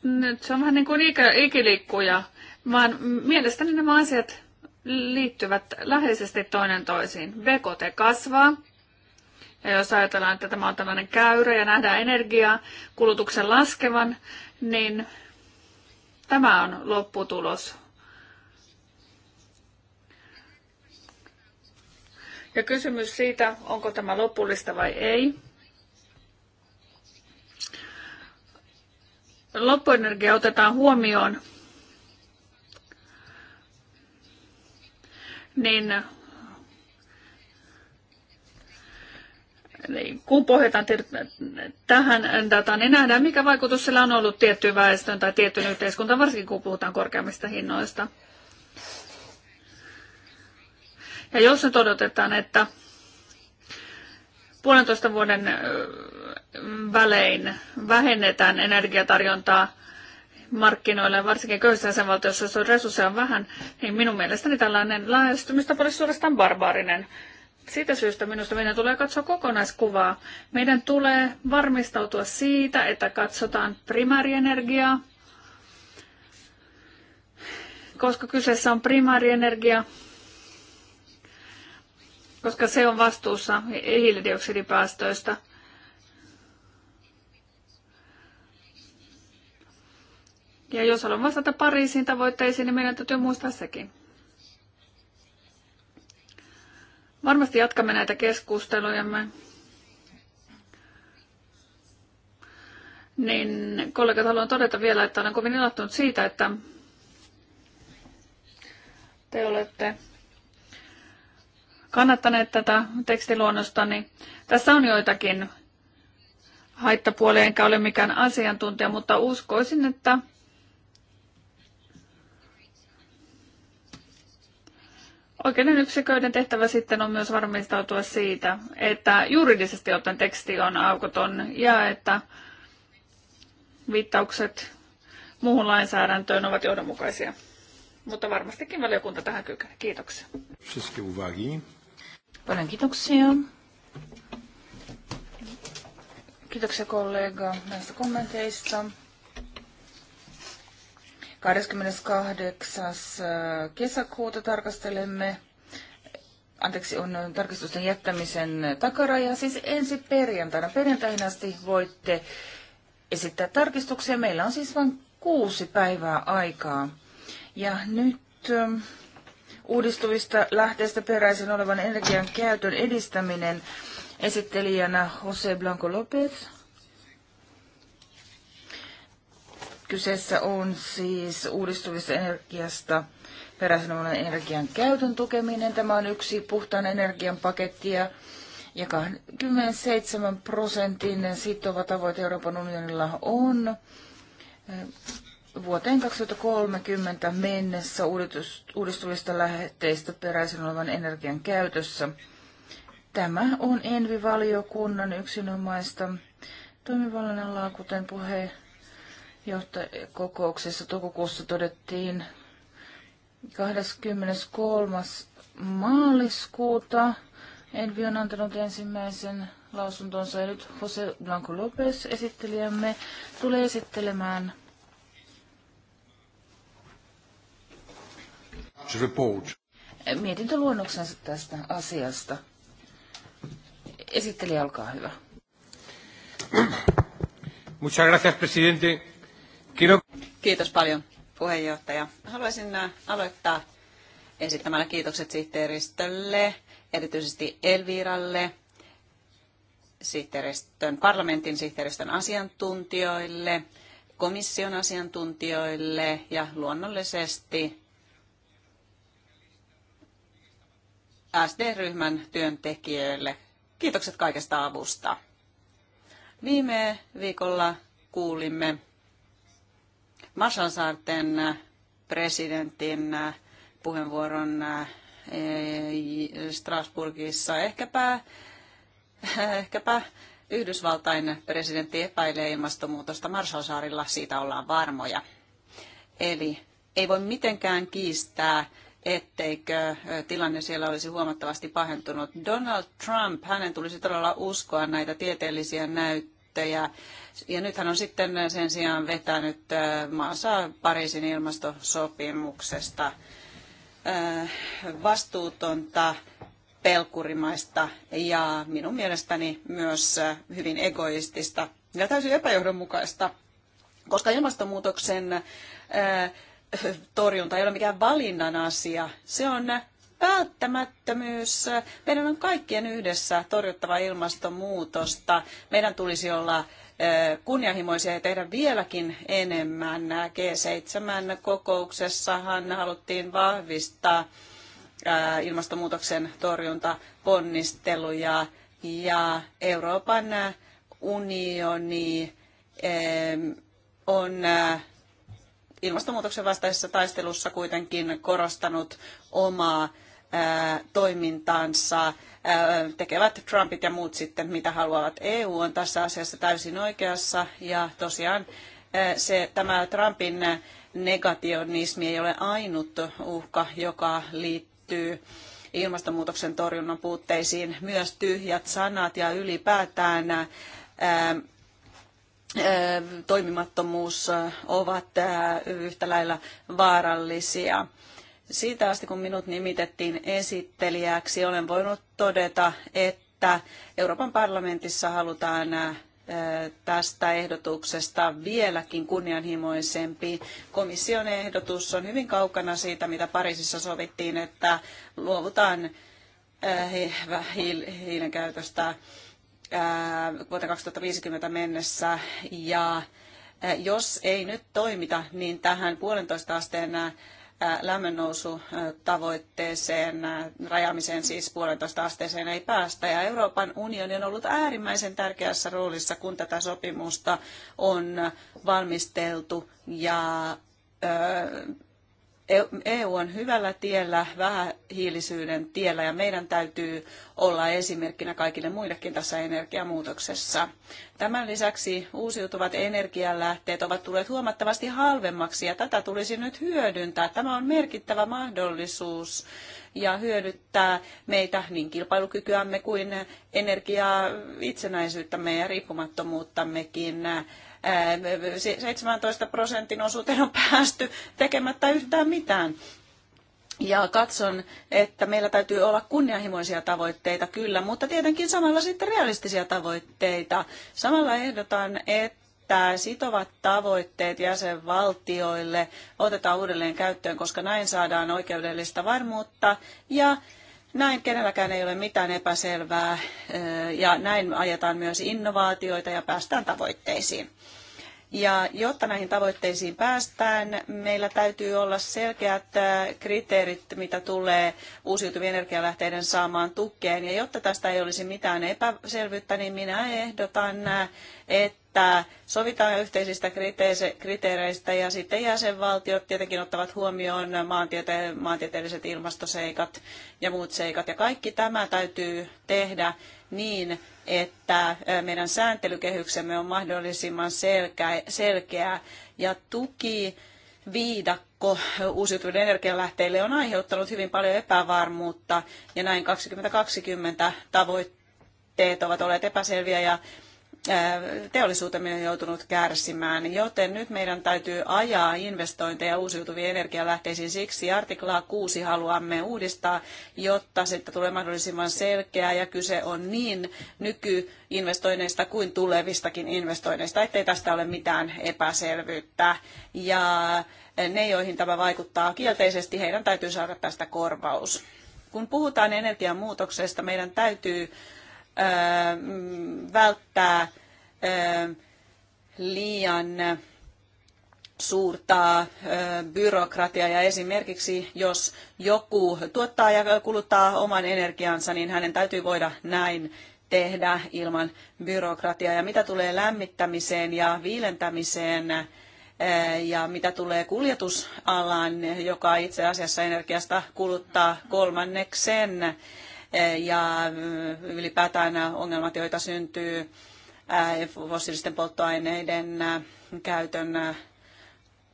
Nyt se on vähän niin kuin ikiliikkuja, vaan mielestäni nämä asiat liittyvät läheisesti toinen toisiin. Vekote kasvaa, ja jos ajatellaan, että tämä on tällainen käyrä ja nähdään energiaa kulutuksen laskevan, niin Tämä on lopputulos. Ja kysymys siitä, onko tämä lopullista vai ei. Loppuenergia otetaan huomioon, niin Niin, kun pohjataan tähän dataan, niin nähdään, mikä vaikutus sillä on ollut tiettyyn väestöön tai tiettyyn yhteiskuntaan, varsinkin kun puhutaan korkeammista hinnoista. Ja jos nyt odotetaan, että puolentoista vuoden välein vähennetään energiatarjontaa markkinoille, varsinkin köyhissä jäsenvaltioissa, jossa resursseja on vähän, niin minun mielestäni tällainen lähestymistapa olisi suorastaan barbaarinen. Siitä syystä minusta meidän tulee katsoa kokonaiskuvaa. Meidän tulee varmistautua siitä, että katsotaan primäärienergiaa, koska kyseessä on primäärienergia, koska se on vastuussa hiilidioksidipäästöistä. Ja jos haluan vastata Pariisin tavoitteisiin, niin meidän täytyy muistaa sekin. Varmasti jatkamme näitä keskustelujamme. Niin kollegat, haluan todeta vielä, että olen kovin ilahtunut siitä, että te olette kannattaneet tätä tekstiluonnosta, niin tässä on joitakin haittapuolia, enkä ole mikään asiantuntija, mutta uskoisin, että Oikeuden yksiköiden tehtävä sitten on myös varmistautua siitä, että juridisesti ottaen teksti on aukoton ja että viittaukset muuhun lainsäädäntöön ovat johdonmukaisia. Mutta varmastikin valiokunta tähän kykenee. Kiitoksia. Paljon kiitoksia. Kiitoksia kollega näistä kommenteista. 28. Äh, kesäkuuta tarkastelemme, anteeksi, on äh, tarkistusten jättämisen takaraja, siis ensi perjantaina. Perjantaina asti voitte esittää tarkistuksia. Meillä on siis vain kuusi päivää aikaa. Ja nyt ähm, uudistuvista lähteistä peräisin olevan energian käytön edistäminen esittelijänä Jose Blanco Lopez. Kyseessä on siis uudistuvista energiasta peräisin olevan energian käytön tukeminen. Tämä on yksi puhtaan energian pakettia ja 27 prosentin sitova tavoite Euroopan unionilla on eh, vuoteen 2030 mennessä uudistuvista lähteistä peräisin olevan energian käytössä. Tämä on Envi-valiokunnan yksinomaista toimivallan alaa, kuten puheenjohtaja johtajakokouksessa toukokuussa todettiin 23. maaliskuuta. Envi on antanut ensimmäisen lausuntonsa ja nyt Jose Blanco Lopez esittelijämme tulee esittelemään mietintöluonnoksensa tästä asiasta. Esittelijä, olkaa hyvä. Muchas gracias, presidente. Kiitos. Kiitos paljon puheenjohtaja. Haluaisin äh, aloittaa esittämällä kiitokset sihteeristölle, erityisesti Elviralle, sihteeristön, parlamentin sihteeristön asiantuntijoille, komission asiantuntijoille ja luonnollisesti SD-ryhmän työntekijöille. Kiitokset kaikesta avusta. Viime viikolla kuulimme Marshallsaarten äh, presidentin äh, puheenvuoron äh, Strasburgissa. Ehkäpä, ehkäpä Yhdysvaltain presidentti epäilee ilmastonmuutosta Marshallsaarilla, siitä ollaan varmoja. Eli ei voi mitenkään kiistää, etteikö tilanne siellä olisi huomattavasti pahentunut. Donald Trump, hänen tulisi todella uskoa näitä tieteellisiä näyttöjä reittejä. Ja nythän on sitten sen sijaan vetänyt äh, maansa Pariisin ilmastosopimuksesta äh, vastuutonta pelkurimaista ja minun mielestäni myös äh, hyvin egoistista ja täysin epäjohdonmukaista, koska ilmastonmuutoksen torjunta ei ole mikään valinnan asia. Se on välttämättömyys. Meidän on kaikkien yhdessä torjuttava ilmastonmuutosta. Meidän tulisi olla kunnianhimoisia ja tehdä vieläkin enemmän. G7-kokouksessahan haluttiin vahvistaa ilmastonmuutoksen torjuntaponnisteluja ja Euroopan unioni on ilmastonmuutoksen vastaisessa taistelussa kuitenkin korostanut omaa toimintaansa, tekevät Trumpit ja muut sitten mitä haluavat. EU on tässä asiassa täysin oikeassa ja tosiaan se, tämä Trumpin negationismi ei ole ainut uhka, joka liittyy ilmastonmuutoksen torjunnan puutteisiin. Myös tyhjät sanat ja ylipäätään ää, ää, toimimattomuus ovat ää, yhtä lailla vaarallisia siitä asti, kun minut nimitettiin esittelijäksi, olen voinut todeta, että Euroopan parlamentissa halutaan tästä ehdotuksesta vieläkin kunnianhimoisempi. Komission ehdotus on hyvin kaukana siitä, mitä Pariisissa sovittiin, että luovutaan hiilen käytöstä vuoteen 2050 mennessä. Ja jos ei nyt toimita, niin tähän puolentoista asteen lämmönnousutavoitteeseen, rajaamiseen siis puolentoista asteeseen ei päästä. Ja Euroopan unioni on ollut äärimmäisen tärkeässä roolissa, kun tätä sopimusta on valmisteltu ja EU e on hyvällä tiellä, vähähiilisyyden tiellä ja meidän täytyy olla esimerkkinä kaikille muillekin tässä energiamuutoksessa. Tämän lisäksi uusiutuvat energialähteet ovat tulleet huomattavasti halvemmaksi ja tätä tulisi nyt hyödyntää. Tämä on merkittävä mahdollisuus ja hyödyttää meitä niin kilpailukykyämme kuin energiaitsenäisyyttämme ja riippumattomuuttammekin 17 prosentin osuuteen on päästy tekemättä yhtään mitään. Ja katson, että meillä täytyy olla kunnianhimoisia tavoitteita kyllä, mutta tietenkin samalla sitten realistisia tavoitteita. Samalla ehdotan, että että sitovat tavoitteet jäsenvaltioille otetaan uudelleen käyttöön, koska näin saadaan oikeudellista varmuutta ja näin kenelläkään ei ole mitään epäselvää ja näin ajetaan myös innovaatioita ja päästään tavoitteisiin. Ja jotta näihin tavoitteisiin päästään, meillä täytyy olla selkeät kriteerit, mitä tulee uusiutuvien energialähteiden saamaan tukeen. Ja jotta tästä ei olisi mitään epäselvyyttä, niin minä ehdotan, että että sovitaan yhteisistä kriteereistä ja sitten jäsenvaltiot tietenkin ottavat huomioon maantiete- maantieteelliset ilmastoseikat ja muut seikat. Ja kaikki tämä täytyy tehdä niin, että meidän sääntelykehyksemme on mahdollisimman selkeä, selkeä ja tuki viidakko uusiutuvien energialähteille on aiheuttanut hyvin paljon epävarmuutta ja näin 2020 tavoitteet ovat olleet epäselviä ja teollisuutemme on joutunut kärsimään, joten nyt meidän täytyy ajaa investointeja uusiutuviin energialähteisiin. Siksi artiklaa 6 haluamme uudistaa, jotta siitä tulee mahdollisimman selkeää ja kyse on niin nykyinvestoinneista kuin tulevistakin investoinneista, ettei tästä ole mitään epäselvyyttä. Ja ne, joihin tämä vaikuttaa kielteisesti, heidän täytyy saada tästä korvaus. Kun puhutaan energiamuutoksesta, meidän täytyy välttää liian suurta byrokratiaa ja esimerkiksi jos joku tuottaa ja kuluttaa oman energiansa, niin hänen täytyy voida näin tehdä ilman byrokratiaa. Ja mitä tulee lämmittämiseen ja viilentämiseen ja mitä tulee kuljetusalaan, joka itse asiassa energiasta kuluttaa kolmanneksen, ja mm, ylipäätään ongelmat, joita syntyy fossiilisten polttoaineiden käytön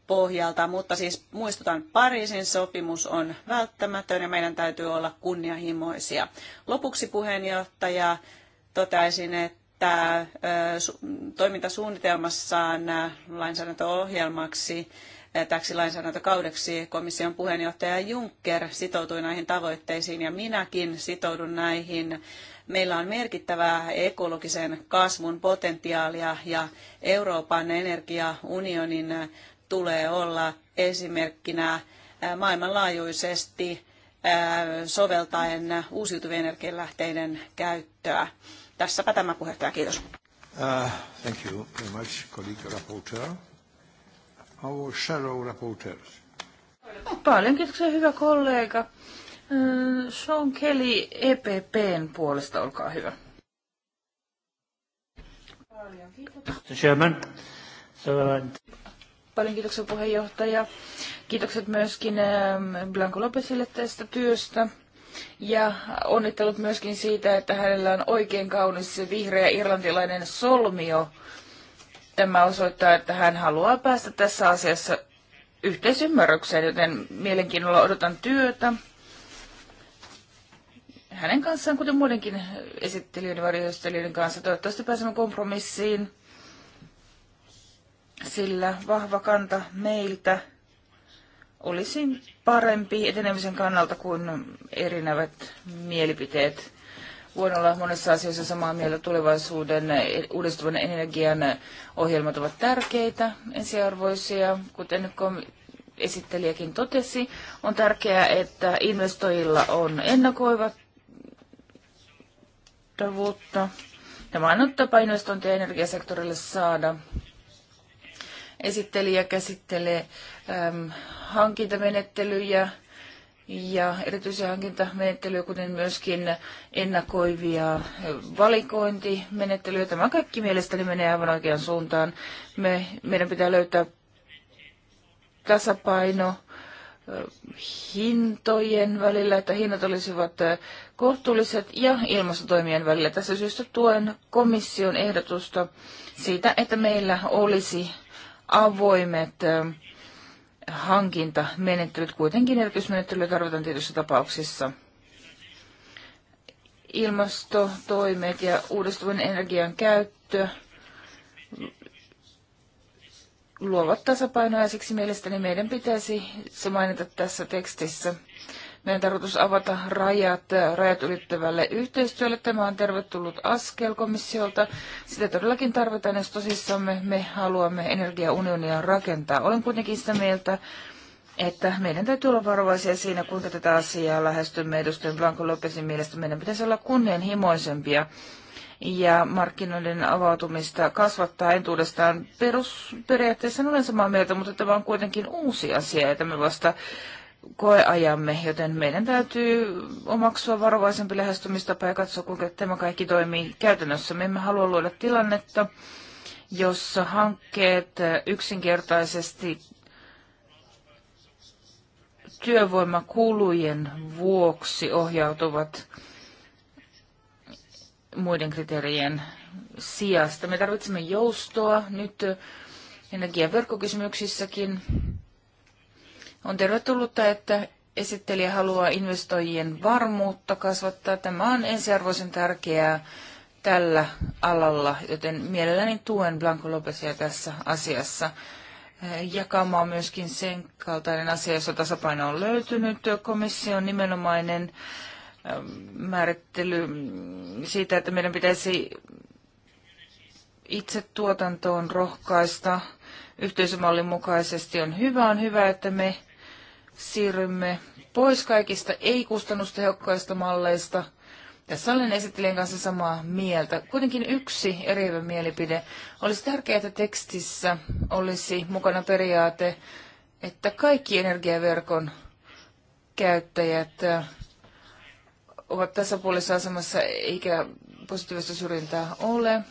pohjalta, mutta siis muistutan, Pariisin sopimus on välttämätön ja meidän täytyy olla kunnianhimoisia. Lopuksi puheenjohtaja toteaisin, että toimintasuunnitelmassaan lainsäädäntöohjelmaksi täksi lainsäädäntökaudeksi komission puheenjohtaja Juncker sitoutui näihin tavoitteisiin ja minäkin sitoudun näihin. Meillä on merkittävää ekologisen kasvun potentiaalia ja Euroopan energiaunionin tulee olla esimerkkinä maailmanlaajuisesti soveltaen uusiutuvien energialähteiden käyttöä. Tässäpä tämä puheenjohtaja, kiitos. Uh, thank you very much, colleague rapporteur our shadow rapporteurs. Paljon kiitoksia, hyvä kollega. Äh, Sean Kelly EPPn puolesta, olkaa hyvä. Paljon kiitoksia. Uh, Paljon kiitoksia puheenjohtaja. Kiitokset myöskin ähm, Blanco Lopesille tästä työstä. Ja onnittelut myöskin siitä, että hänellä on oikein kaunis vihreä irlantilainen solmio tämä osoittaa, että hän haluaa päästä tässä asiassa yhteisymmärrykseen, joten mielenkiinnolla odotan työtä. Hänen kanssaan, kuten muidenkin esittelijöiden ja varjoistelijoiden kanssa, toivottavasti pääsemme kompromissiin, sillä vahva kanta meiltä olisi parempi etenemisen kannalta kuin erinävät mielipiteet voin olla monessa asiassa samaa mieltä. Tulevaisuuden uudistuvan energian ohjelmat ovat tärkeitä, ensiarvoisia, kuten esittelijäkin totesi. On tärkeää, että investoijilla on ennakoivattavuutta. Tämä on tapa investointeja energiasektorille saada. Esittelijä käsittelee äm, hankintamenettelyjä, ja erityisiä hankintamenettelyjä, kuten myöskin ennakoivia valikointimenettelyjä. Tämä kaikki mielestäni menee aivan oikeaan suuntaan. Me, meidän pitää löytää tasapaino eh, hintojen välillä, että hinnat olisivat eh, kohtuulliset ja ilmastotoimien välillä. Tässä syystä tuen komission ehdotusta siitä, että meillä olisi avoimet eh, hankintamenettelyt. Kuitenkin erityismenettelyä tarvitaan tietyissä tapauksissa. Ilmastotoimet ja uudistuvan energian käyttö luovat tasapainoa ja siksi mielestäni meidän pitäisi se mainita tässä tekstissä. Meidän tarkoitus avata rajat rajat ylittävälle yhteistyölle. Tämä on tervetullut askel komissiolta. Sitä todellakin tarvitaan, jos tosissamme me haluamme energiaunionia rakentaa. Olen kuitenkin sitä mieltä, että meidän täytyy olla varovaisia siinä, kuinka tätä asiaa lähestymme. Edustajan Blanco Lopesin mielestä meidän pitäisi olla kunnianhimoisempia ja markkinoiden avautumista kasvattaa entuudestaan. Perusperiaatteessa olen samaa mieltä, mutta tämä on kuitenkin uusi asia, että me vasta koeajamme, joten meidän täytyy omaksua varovaisempi lähestymistapa ja katsoa, kuinka tämä kaikki toimii käytännössä. Me emme halua luoda tilannetta, jossa hankkeet yksinkertaisesti työvoimakulujen vuoksi ohjautuvat muiden kriteerien sijasta. Me tarvitsemme joustoa nyt energiaverkkokysymyksissäkin. verkkokysymyksissäkin on tervetullutta, että esittelijä haluaa investoijien varmuutta kasvattaa. Tämä on ensiarvoisen tärkeää tällä alalla, joten mielelläni tuen Blanco Lopesia tässä asiassa on myöskin sen kaltainen asia, jossa tasapaino on löytynyt. Komission nimenomainen ähm, määrittely siitä, että meidän pitäisi itse tuotantoon rohkaista yhteisömallin mukaisesti on hyvä. On hyvä, että me siirrymme pois kaikista ei-kustannustehokkaista malleista. Tässä olen esittelijän kanssa samaa mieltä. Kuitenkin yksi eriävä mielipide. Olisi tärkeää, että tekstissä olisi mukana periaate, että kaikki energiaverkon käyttäjät äh, ovat tässä puolessa asemassa eikä positiivista syrjintää ole.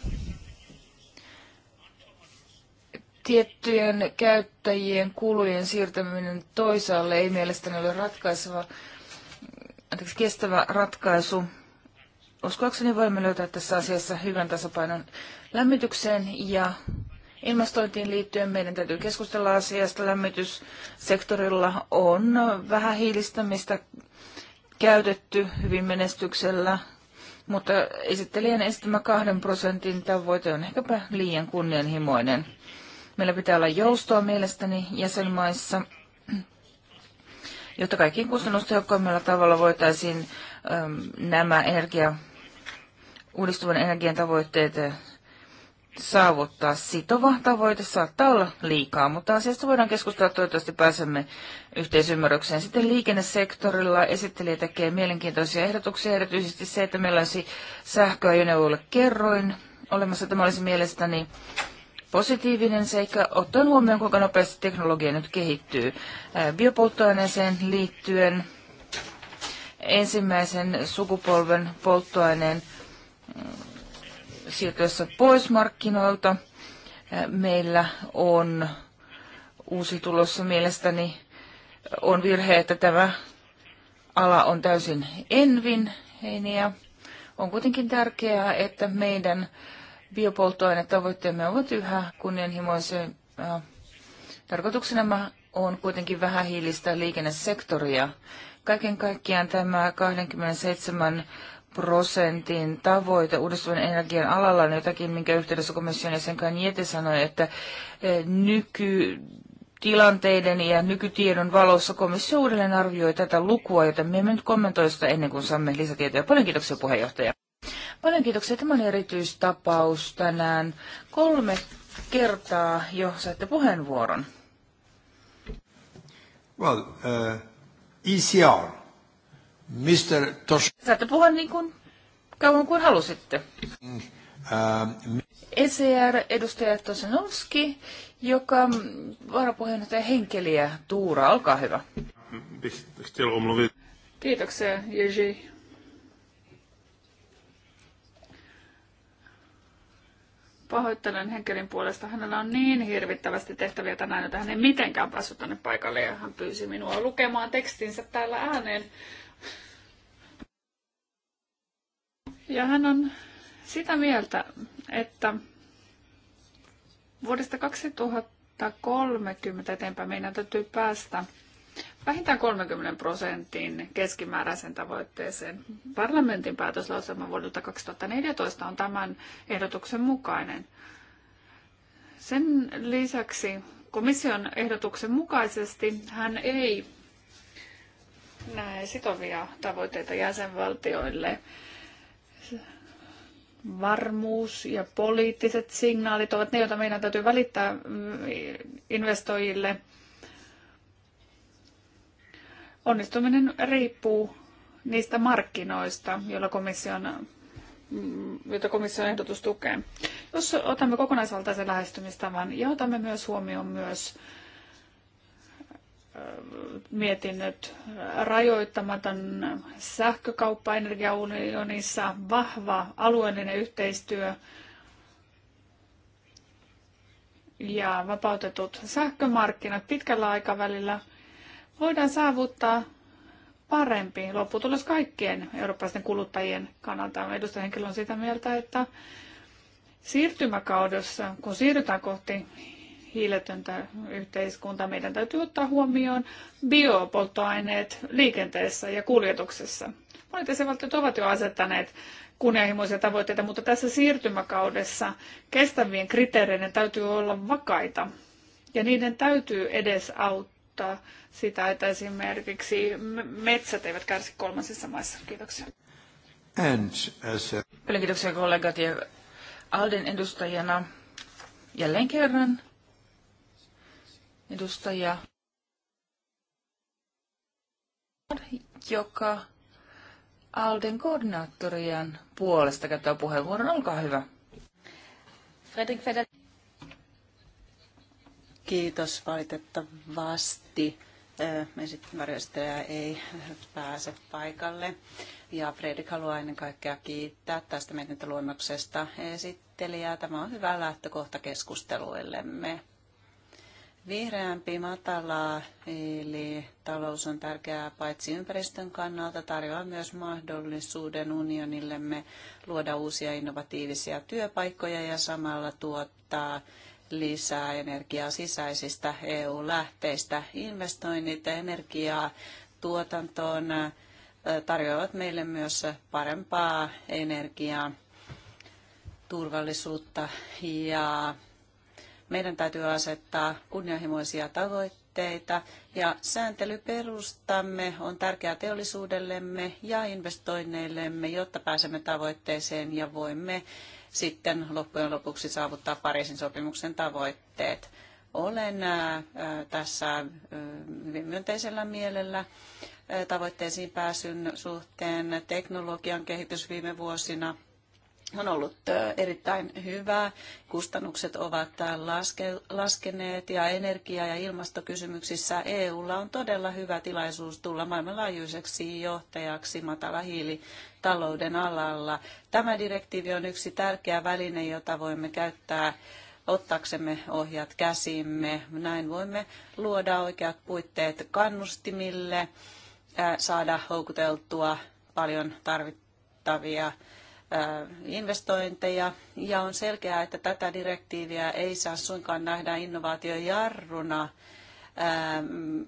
Tiettyjen käyttäjien kulujen siirtäminen toisaalle ei mielestäni ole ratkaiseva, anteeksi, kestävä ratkaisu. Uskoakseni voimme löytää tässä asiassa hyvän tasapainon lämmitykseen ja Ilmastointiin liittyen meidän täytyy keskustella asiasta. Lämmityssektorilla on vähän hiilistämistä käytetty hyvin menestyksellä, mutta esittelijän estämä kahden prosentin tavoite on ehkäpä liian kunnianhimoinen. Meillä pitää olla joustoa mielestäni jäsenmaissa, jotta kaikkiin kustannustehokkaimmilla tavalla voitaisiin ähm, nämä energia, uudistuvan energian tavoitteet äh, saavuttaa sitova tavoite saattaa olla liikaa, mutta asiasta voidaan keskustella. Toivottavasti pääsemme yhteisymmärrykseen. Sitten liikennesektorilla esittelijä tekee mielenkiintoisia ehdotuksia, erityisesti se, että meillä olisi sähköajoneuvoille kerroin olemassa. Tämä olisi mielestäni positiivinen seikka, ottaen huomioon, kuinka nopeasti teknologia nyt kehittyy. Biopolttoaineeseen liittyen ensimmäisen sukupolven polttoaineen siirtyessä pois markkinoilta meillä on uusi tulossa mielestäni on virhe, että tämä ala on täysin envin heiniä. On kuitenkin tärkeää, että meidän biopolttoainetavoitteemme ovat yhä kunnianhimoisia. Tarkoituksena on kuitenkin vähähiilistä liikennesektoria. Kaiken kaikkiaan tämä 27 prosentin tavoite uudistuvan energian alalla on jotakin, minkä yhteydessä komission jäsen Kanjete sanoi, että e, nyky tilanteiden ja nykytiedon valossa komissio uudelleen arvioi tätä lukua, joten me emme nyt kommentoi sitä ennen kuin saamme lisätietoja. Paljon kiitoksia puheenjohtaja. Paljon kiitoksia. Tämä oli erityistapaus tänään. Kolme kertaa jo saitte puheenvuoron. Well, uh, ECR, Mr. Tosh... Saatte puhua niin kuin kauan kuin halusitte. Mm, uh, um, ECR-edustaja Tosanovski, joka mm, varapuheenjohtaja Henkeliä Tuura, olkaa hyvä. Kiitoksia, Jerzy. Pahoittelen Henkelin puolesta. Hänellä on niin hirvittävästi tehtäviä tänään, että hän ei mitenkään päässyt tänne paikalle ja hän pyysi minua lukemaan tekstinsä täällä ääneen. Ja hän on sitä mieltä, että vuodesta 2030 eteenpäin meidän täytyy päästä vähintään 30 prosentin keskimääräisen tavoitteeseen. Parlamentin päätöslauselma vuodelta 2014 on tämän ehdotuksen mukainen. Sen lisäksi komission ehdotuksen mukaisesti hän ei näe sitovia tavoitteita jäsenvaltioille. Varmuus ja poliittiset signaalit ovat ne, joita meidän täytyy välittää mm, investoijille – Onnistuminen riippuu niistä markkinoista, joilla komission, mm, joita komission ehdotus tukee. Jos otamme kokonaisvaltaisen lähestymistavan ja otamme myös huomioon myös mietinnöt rajoittamaton sähkökauppa energiaunionissa, vahva alueellinen yhteistyö ja vapautetut sähkömarkkinat pitkällä aikavälillä – voidaan saavuttaa parempi lopputulos kaikkien eurooppalaisten kuluttajien kannalta. Edustajahenkilö on sitä mieltä, että siirtymäkaudessa, kun siirrytään kohti hiiletöntä yhteiskuntaa, meidän täytyy ottaa huomioon biopolttoaineet liikenteessä ja kuljetuksessa. Monet jäsenvaltiot ovat jo asettaneet kunnianhimoisia tavoitteita, mutta tässä siirtymäkaudessa kestävien kriteereiden täytyy olla vakaita ja niiden täytyy edesauttaa tarkoittaa sitä, että esimerkiksi metsät eivät kärsi kolmansissa maissa. Kiitoksia. Paljon kiitoksia kollegat ja Alden edustajana jälleen kerran edustaja, joka Alden koordinaattorian puolesta käyttää puheenvuoron. Olkaa hyvä. Fredrik Federer. Kiitos valitettavasti. Esittämärjestäjä ei pääse paikalle. Ja Fredrik haluaa ennen kaikkea kiittää tästä mietintöluonnoksesta esittelijää. Tämä on hyvä lähtökohta keskusteluillemme. Vihreämpi matala eli talous on tärkeää paitsi ympäristön kannalta, tarjoaa myös mahdollisuuden unionillemme luoda uusia innovatiivisia työpaikkoja ja samalla tuottaa lisää energiaa sisäisistä EU-lähteistä. Investoinnit energiaa tuotantoon tarjoavat meille myös parempaa energiaa, turvallisuutta ja meidän täytyy asettaa kunnianhimoisia tavoitteita ja sääntelyperustamme on tärkeää teollisuudellemme ja investoinneillemme, jotta pääsemme tavoitteeseen ja voimme sitten loppujen lopuksi saavuttaa Pariisin sopimuksen tavoitteet. Olen äh, äh, tässä äh, hyvin myönteisellä mielellä tavoitteisiin pääsyn suhteen teknologian kehitys viime vuosina on ollut erittäin hyvää. Kustannukset ovat laskeneet ja energia- ja ilmastokysymyksissä EUlla on todella hyvä tilaisuus tulla maailmanlaajuiseksi johtajaksi matala hiilitalouden alalla. Tämä direktiivi on yksi tärkeä väline, jota voimme käyttää ottaaksemme ohjat käsimme. Näin voimme luoda oikeat puitteet kannustimille, saada houkuteltua paljon tarvittavia investointeja ja on selkeää, että tätä direktiiviä ei saa suinkaan nähdä innovaatiojarruna ähm,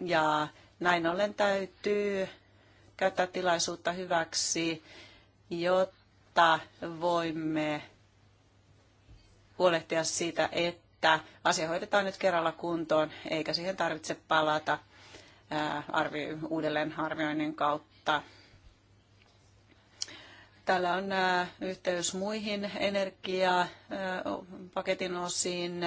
ja näin ollen täytyy käyttää tilaisuutta hyväksi, jotta voimme huolehtia siitä, että asia hoidetaan nyt kerralla kuntoon, eikä siihen tarvitse palata äh, arvi, uudelleen arvioinnin kautta. Täällä on yhteys muihin energiapaketin osiin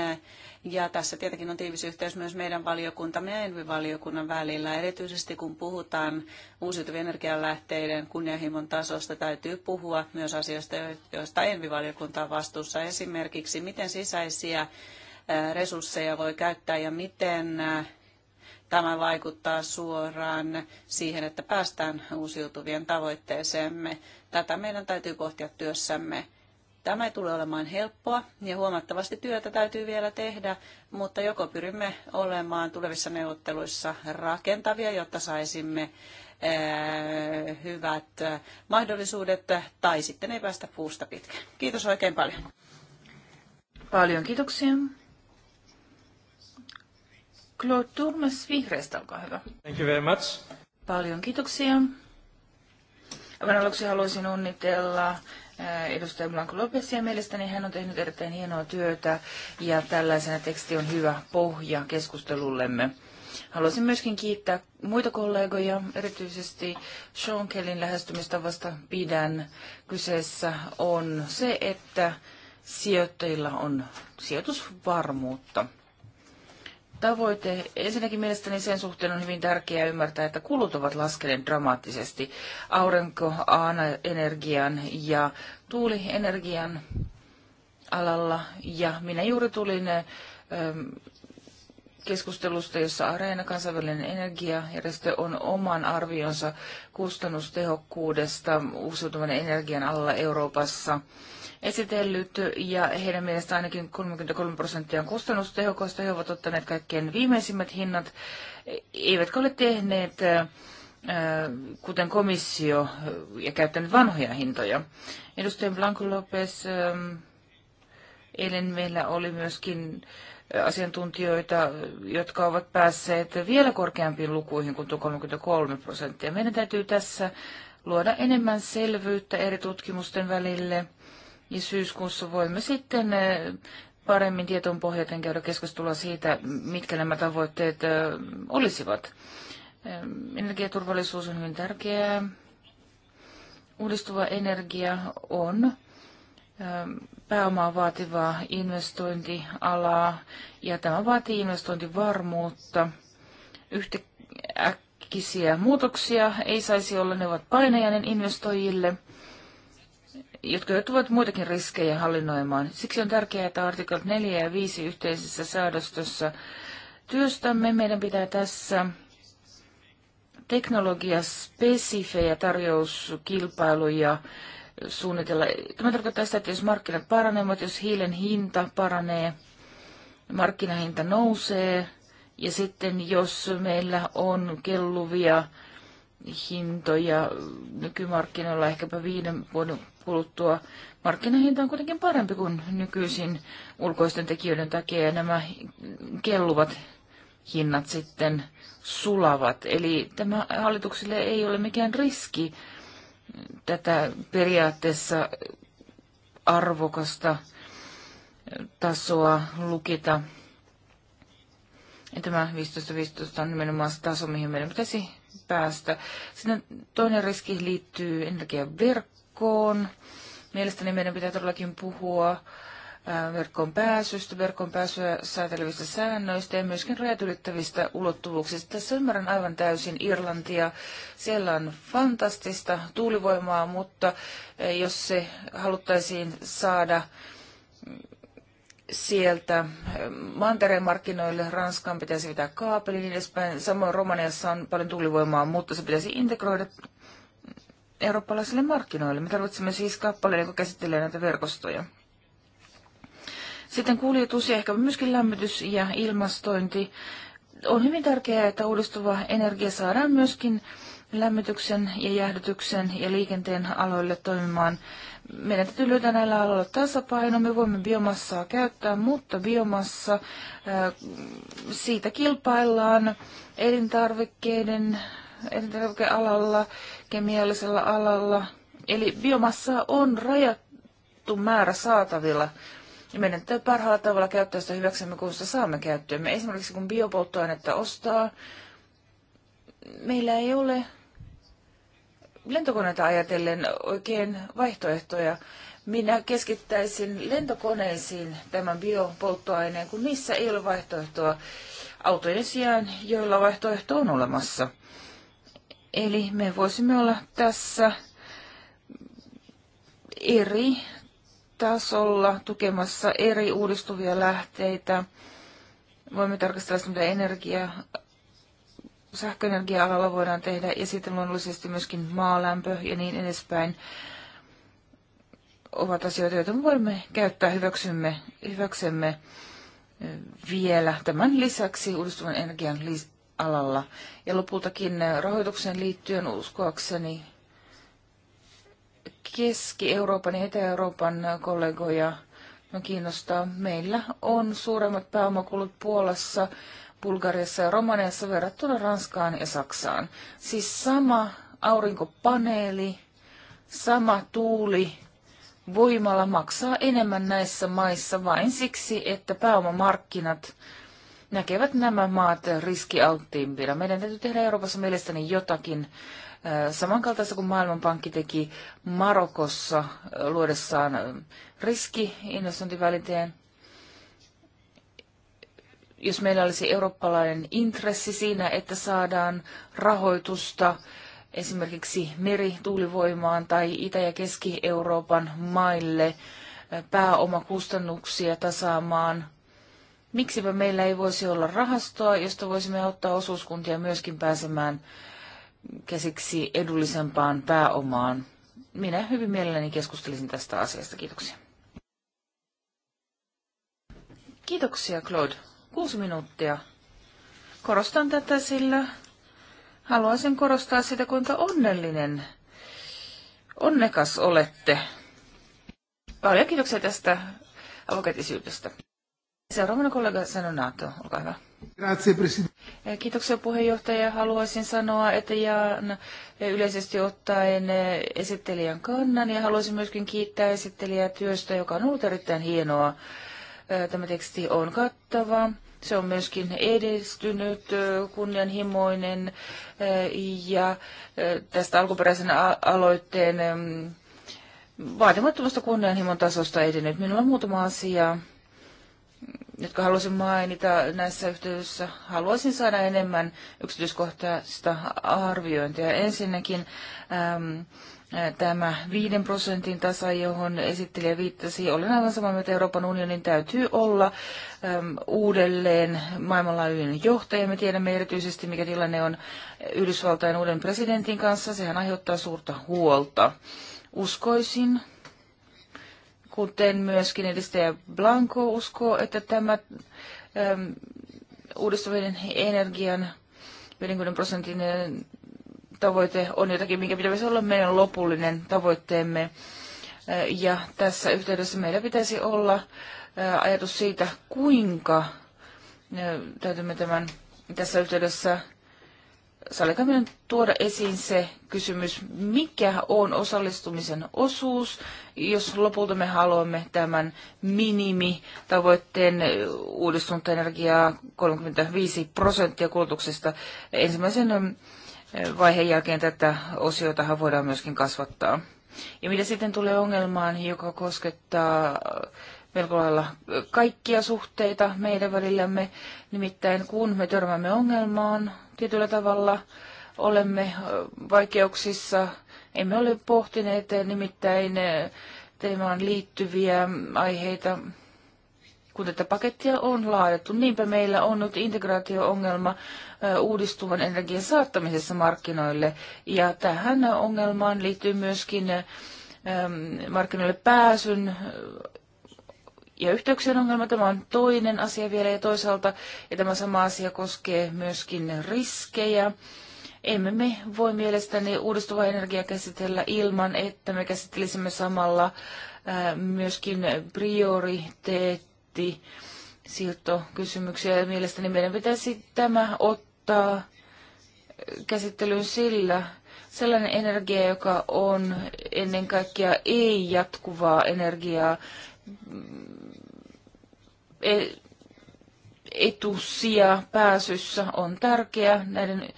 ja tässä tietenkin on tiivis yhteys myös meidän valiokuntamme ja Envi-valiokunnan välillä. Erityisesti kun puhutaan uusiutuvien energialähteiden kunnianhimon tasosta, täytyy puhua myös asioista, joista Envi-valiokunta on vastuussa. Esimerkiksi miten sisäisiä resursseja voi käyttää ja miten tämä vaikuttaa suoraan siihen, että päästään uusiutuvien tavoitteeseemme. Tätä meidän täytyy pohtia työssämme. Tämä ei tule olemaan helppoa ja huomattavasti työtä täytyy vielä tehdä, mutta joko pyrimme olemaan tulevissa neuvotteluissa rakentavia, jotta saisimme eh, hyvät eh, mahdollisuudet tai sitten ei päästä puusta pitkään. Kiitos oikein paljon. Paljon kiitoksia. Claude Turmes Vihreästä, olkaa hyvä. Thank you very much. Paljon kiitoksia. Aivan aluksi haluaisin onnitella eh, edustaja Blanco Lopesia. Mielestäni hän on tehnyt erittäin hienoa työtä ja tällaisena teksti on hyvä pohja keskustelullemme. Haluaisin myöskin kiittää muita kollegoja, erityisesti Sean Kellin lähestymistavasta pidän. Kyseessä on se, että sijoittajilla on sijoitusvarmuutta tavoite. Ensinnäkin mielestäni sen suhteen on hyvin tärkeää ymmärtää, että kulut ovat laskeneet dramaattisesti energian ja tuulienergian alalla. Ja minä juuri tulin keskustelusta, jossa Areena kansainvälinen energiajärjestö on oman arvionsa kustannustehokkuudesta uusiutuvan energian alla Euroopassa esitellyt, ja heidän mielestään ainakin 33 prosenttia on kustannustehokasta. He ovat ottaneet kaikkien viimeisimmät hinnat, eivätkä ole tehneet kuten komissio ja käyttänyt vanhoja hintoja. Edustaja Blanco Lopez, eilen meillä oli myöskin asiantuntijoita, jotka ovat päässeet vielä korkeampiin lukuihin kuin tuo 33 prosenttia. Meidän täytyy tässä luoda enemmän selvyyttä eri tutkimusten välille ja syyskuussa voimme sitten eh, paremmin tietoon pohjaten käydä keskustelua siitä, mitkä nämä tavoitteet eh, olisivat. Eh, energiaturvallisuus on hyvin tärkeää. Uudistuva energia on pääomaa vaativaa investointialaa ja tämä vaatii investointivarmuutta. Yhtäkkiä muutoksia ei saisi olla, ne ovat painajainen investoijille – jotka joutuvat muitakin riskejä hallinnoimaan. Siksi on tärkeää, että artiklat 4 ja 5 yhteisessä säädöstössä työstämme. Meidän pitää tässä teknologiaspesifejä tarjouskilpailuja suunnitella. Tämä tarkoittaa sitä, että jos markkinat paranevat, jos hiilen hinta paranee, markkinahinta nousee, ja sitten jos meillä on kelluvia hintoja nykymarkkinoilla ehkäpä viiden vuoden kuluttua. Markkinahinta on kuitenkin parempi kuin nykyisin ulkoisten tekijöiden takia ja nämä kelluvat hinnat sitten sulavat. Eli tämä hallituksille ei ole mikään riski tätä periaatteessa arvokasta tasoa lukita. Ja tämä 15.15 on nimenomaan se taso, mihin meidän pitäisi päästä. Sitten toinen riski liittyy energiaverkkoon verkkoon. Mielestäni meidän pitää todellakin puhua äh, verkkoon pääsystä, verkkoon pääsyä säätelevistä säännöistä ja myöskin rajat ylittävistä ulottuvuuksista. Tässä ymmärrän aivan täysin Irlantia. Siellä on fantastista tuulivoimaa, mutta äh, jos se haluttaisiin saada sieltä äh, mantereen markkinoille, Ranskaan pitäisi pitää kaapeli niin edespäin. Samoin Romaniassa on paljon tuulivoimaa, mutta se pitäisi integroida eurooppalaisille markkinoille. Me tarvitsemme siis kappaleen, joka käsittelee näitä verkostoja. Sitten kuljetus ja ehkä myöskin lämmitys ja ilmastointi. On hyvin tärkeää, että uudistuva energia saadaan myöskin lämmityksen ja jäähdytyksen ja liikenteen aloille toimimaan. Meidän täytyy löytää näillä aloilla tasapaino. Me voimme biomassaa käyttää, mutta biomassa, äh, siitä kilpaillaan elintarvikkeiden elintarvikealalla, kemiallisella alalla. Eli biomassaa on rajattu määrä saatavilla. Ja meidän täytyy parhaalla tavalla käyttää sitä hyväksemme, kun sitä saamme käyttöön. Me esimerkiksi kun biopolttoainetta ostaa, meillä ei ole lentokoneita ajatellen oikein vaihtoehtoja. Minä keskittäisin lentokoneisiin tämän biopolttoaineen, kun niissä ei ole vaihtoehtoa autojen sijaan, joilla vaihtoehto on olemassa. Eli me voisimme olla tässä eri tasolla tukemassa eri uudistuvia lähteitä. Voimme tarkastella sitä, mitä energia, sähköenergia-alalla voidaan tehdä, ja sitten luonnollisesti myöskin maalämpö ja niin edespäin ovat asioita, joita me voimme käyttää hyväksymme, hyväksemme vielä tämän lisäksi uudistuvan energian alalla. Ja lopultakin eh, rahoitukseen liittyen uskoakseni Keski-Euroopan ja Etä-Euroopan eh, kollegoja no kiinnostaa. Meillä on suuremmat pääomakulut Puolassa, Bulgariassa ja Romaniassa verrattuna Ranskaan ja Saksaan. Siis sama aurinkopaneeli, sama tuuli, voimalla maksaa enemmän näissä maissa vain siksi, että pääomamarkkinat näkevät nämä maat riskialttiimpina. Meidän täytyy tehdä Euroopassa mielestäni jotakin samankaltaista kuin Maailmanpankki teki Marokossa luodessaan riskiinvestointivälineen. Jos meillä olisi eurooppalainen intressi siinä, että saadaan rahoitusta esimerkiksi merituulivoimaan tai Itä- ja Keski-Euroopan maille pääomakustannuksia tasaamaan – miksipä meillä ei voisi olla rahastoa, josta voisimme auttaa osuuskuntia myöskin pääsemään käsiksi edullisempaan pääomaan. Minä hyvin mielelläni keskustelisin tästä asiasta. Kiitoksia. Kiitoksia, Claude. Kuusi minuuttia. Korostan tätä, sillä haluaisin korostaa sitä, kuinka onnellinen, onnekas olette. Paljon kiitoksia tästä avokätisyydestä. Seuraavana kollega Sanonato, olkaa hyvä. Eh, kiitoksia puheenjohtaja. Haluaisin sanoa, että jaan eh, yleisesti ottaen eh, esittelijän kannan ja haluaisin myöskin kiittää esittelijää työstä, joka on ollut erittäin hienoa. Tämä teksti on kattava. Se on myöskin edistynyt, kunnianhimoinen ja tästä alkuperäisen aloitteen mm, vaatimattomasta kunnianhimon tasosta edennyt. Minulla on muutama asia, jotka haluaisin mainita näissä yhteydessä, haluaisin saada enemmän yksityiskohtaista arviointia. Ensinnäkin äm, tämä viiden prosentin tasa, johon esittelijä viittasi, olen aivan samaa mieltä, Euroopan unionin täytyy olla äm, uudelleen maailmanlaajuinen johtaja. Me tiedämme erityisesti, mikä tilanne on Yhdysvaltain uuden presidentin kanssa. Sehän aiheuttaa suurta huolta. Uskoisin, kuten myöskin edistäjä Blanco uskoo, että tämä äm, uudistuvien energian 50 prosentin äh, tavoite on jotakin, minkä pitäisi olla meidän lopullinen tavoitteemme. Äh, ja tässä yhteydessä meillä pitäisi olla äh, ajatus siitä, kuinka täytymme tämän tässä yhteydessä Sallika minun tuoda esiin se kysymys, mikä on osallistumisen osuus, jos lopulta me haluamme tämän minimitavoitteen uudistunutta energiaa 35 prosenttia kulutuksesta. Ensimmäisen vaiheen jälkeen tätä osiota voidaan myöskin kasvattaa. Ja mitä sitten tulee ongelmaan, joka koskettaa melko lailla kaikkia suhteita meidän välillämme, nimittäin kun me törmäämme ongelmaan, tietyllä tavalla olemme vaikeuksissa. Emme ole pohtineet nimittäin teemaan liittyviä aiheita, kun tätä pakettia on laadettu, Niinpä meillä on nyt integraatio-ongelma uudistuvan energian saattamisessa markkinoille. Ja tähän ongelmaan liittyy myöskin markkinoille pääsyn ja yhteyksien ongelma, tämä on toinen asia vielä ja toisaalta, ja tämä sama asia koskee myöskin riskejä. Emme me voi mielestäni uudistuvaa energiaa käsitellä ilman, että me käsittelisimme samalla myöskin prioriteetti siirtokysymyksiä. Mielestäni meidän pitäisi tämä ottaa käsittelyyn sillä, sellainen energia, joka on ennen kaikkea ei-jatkuvaa energiaa, Mm, e- etusia pääsyssä on tärkeä. Näiden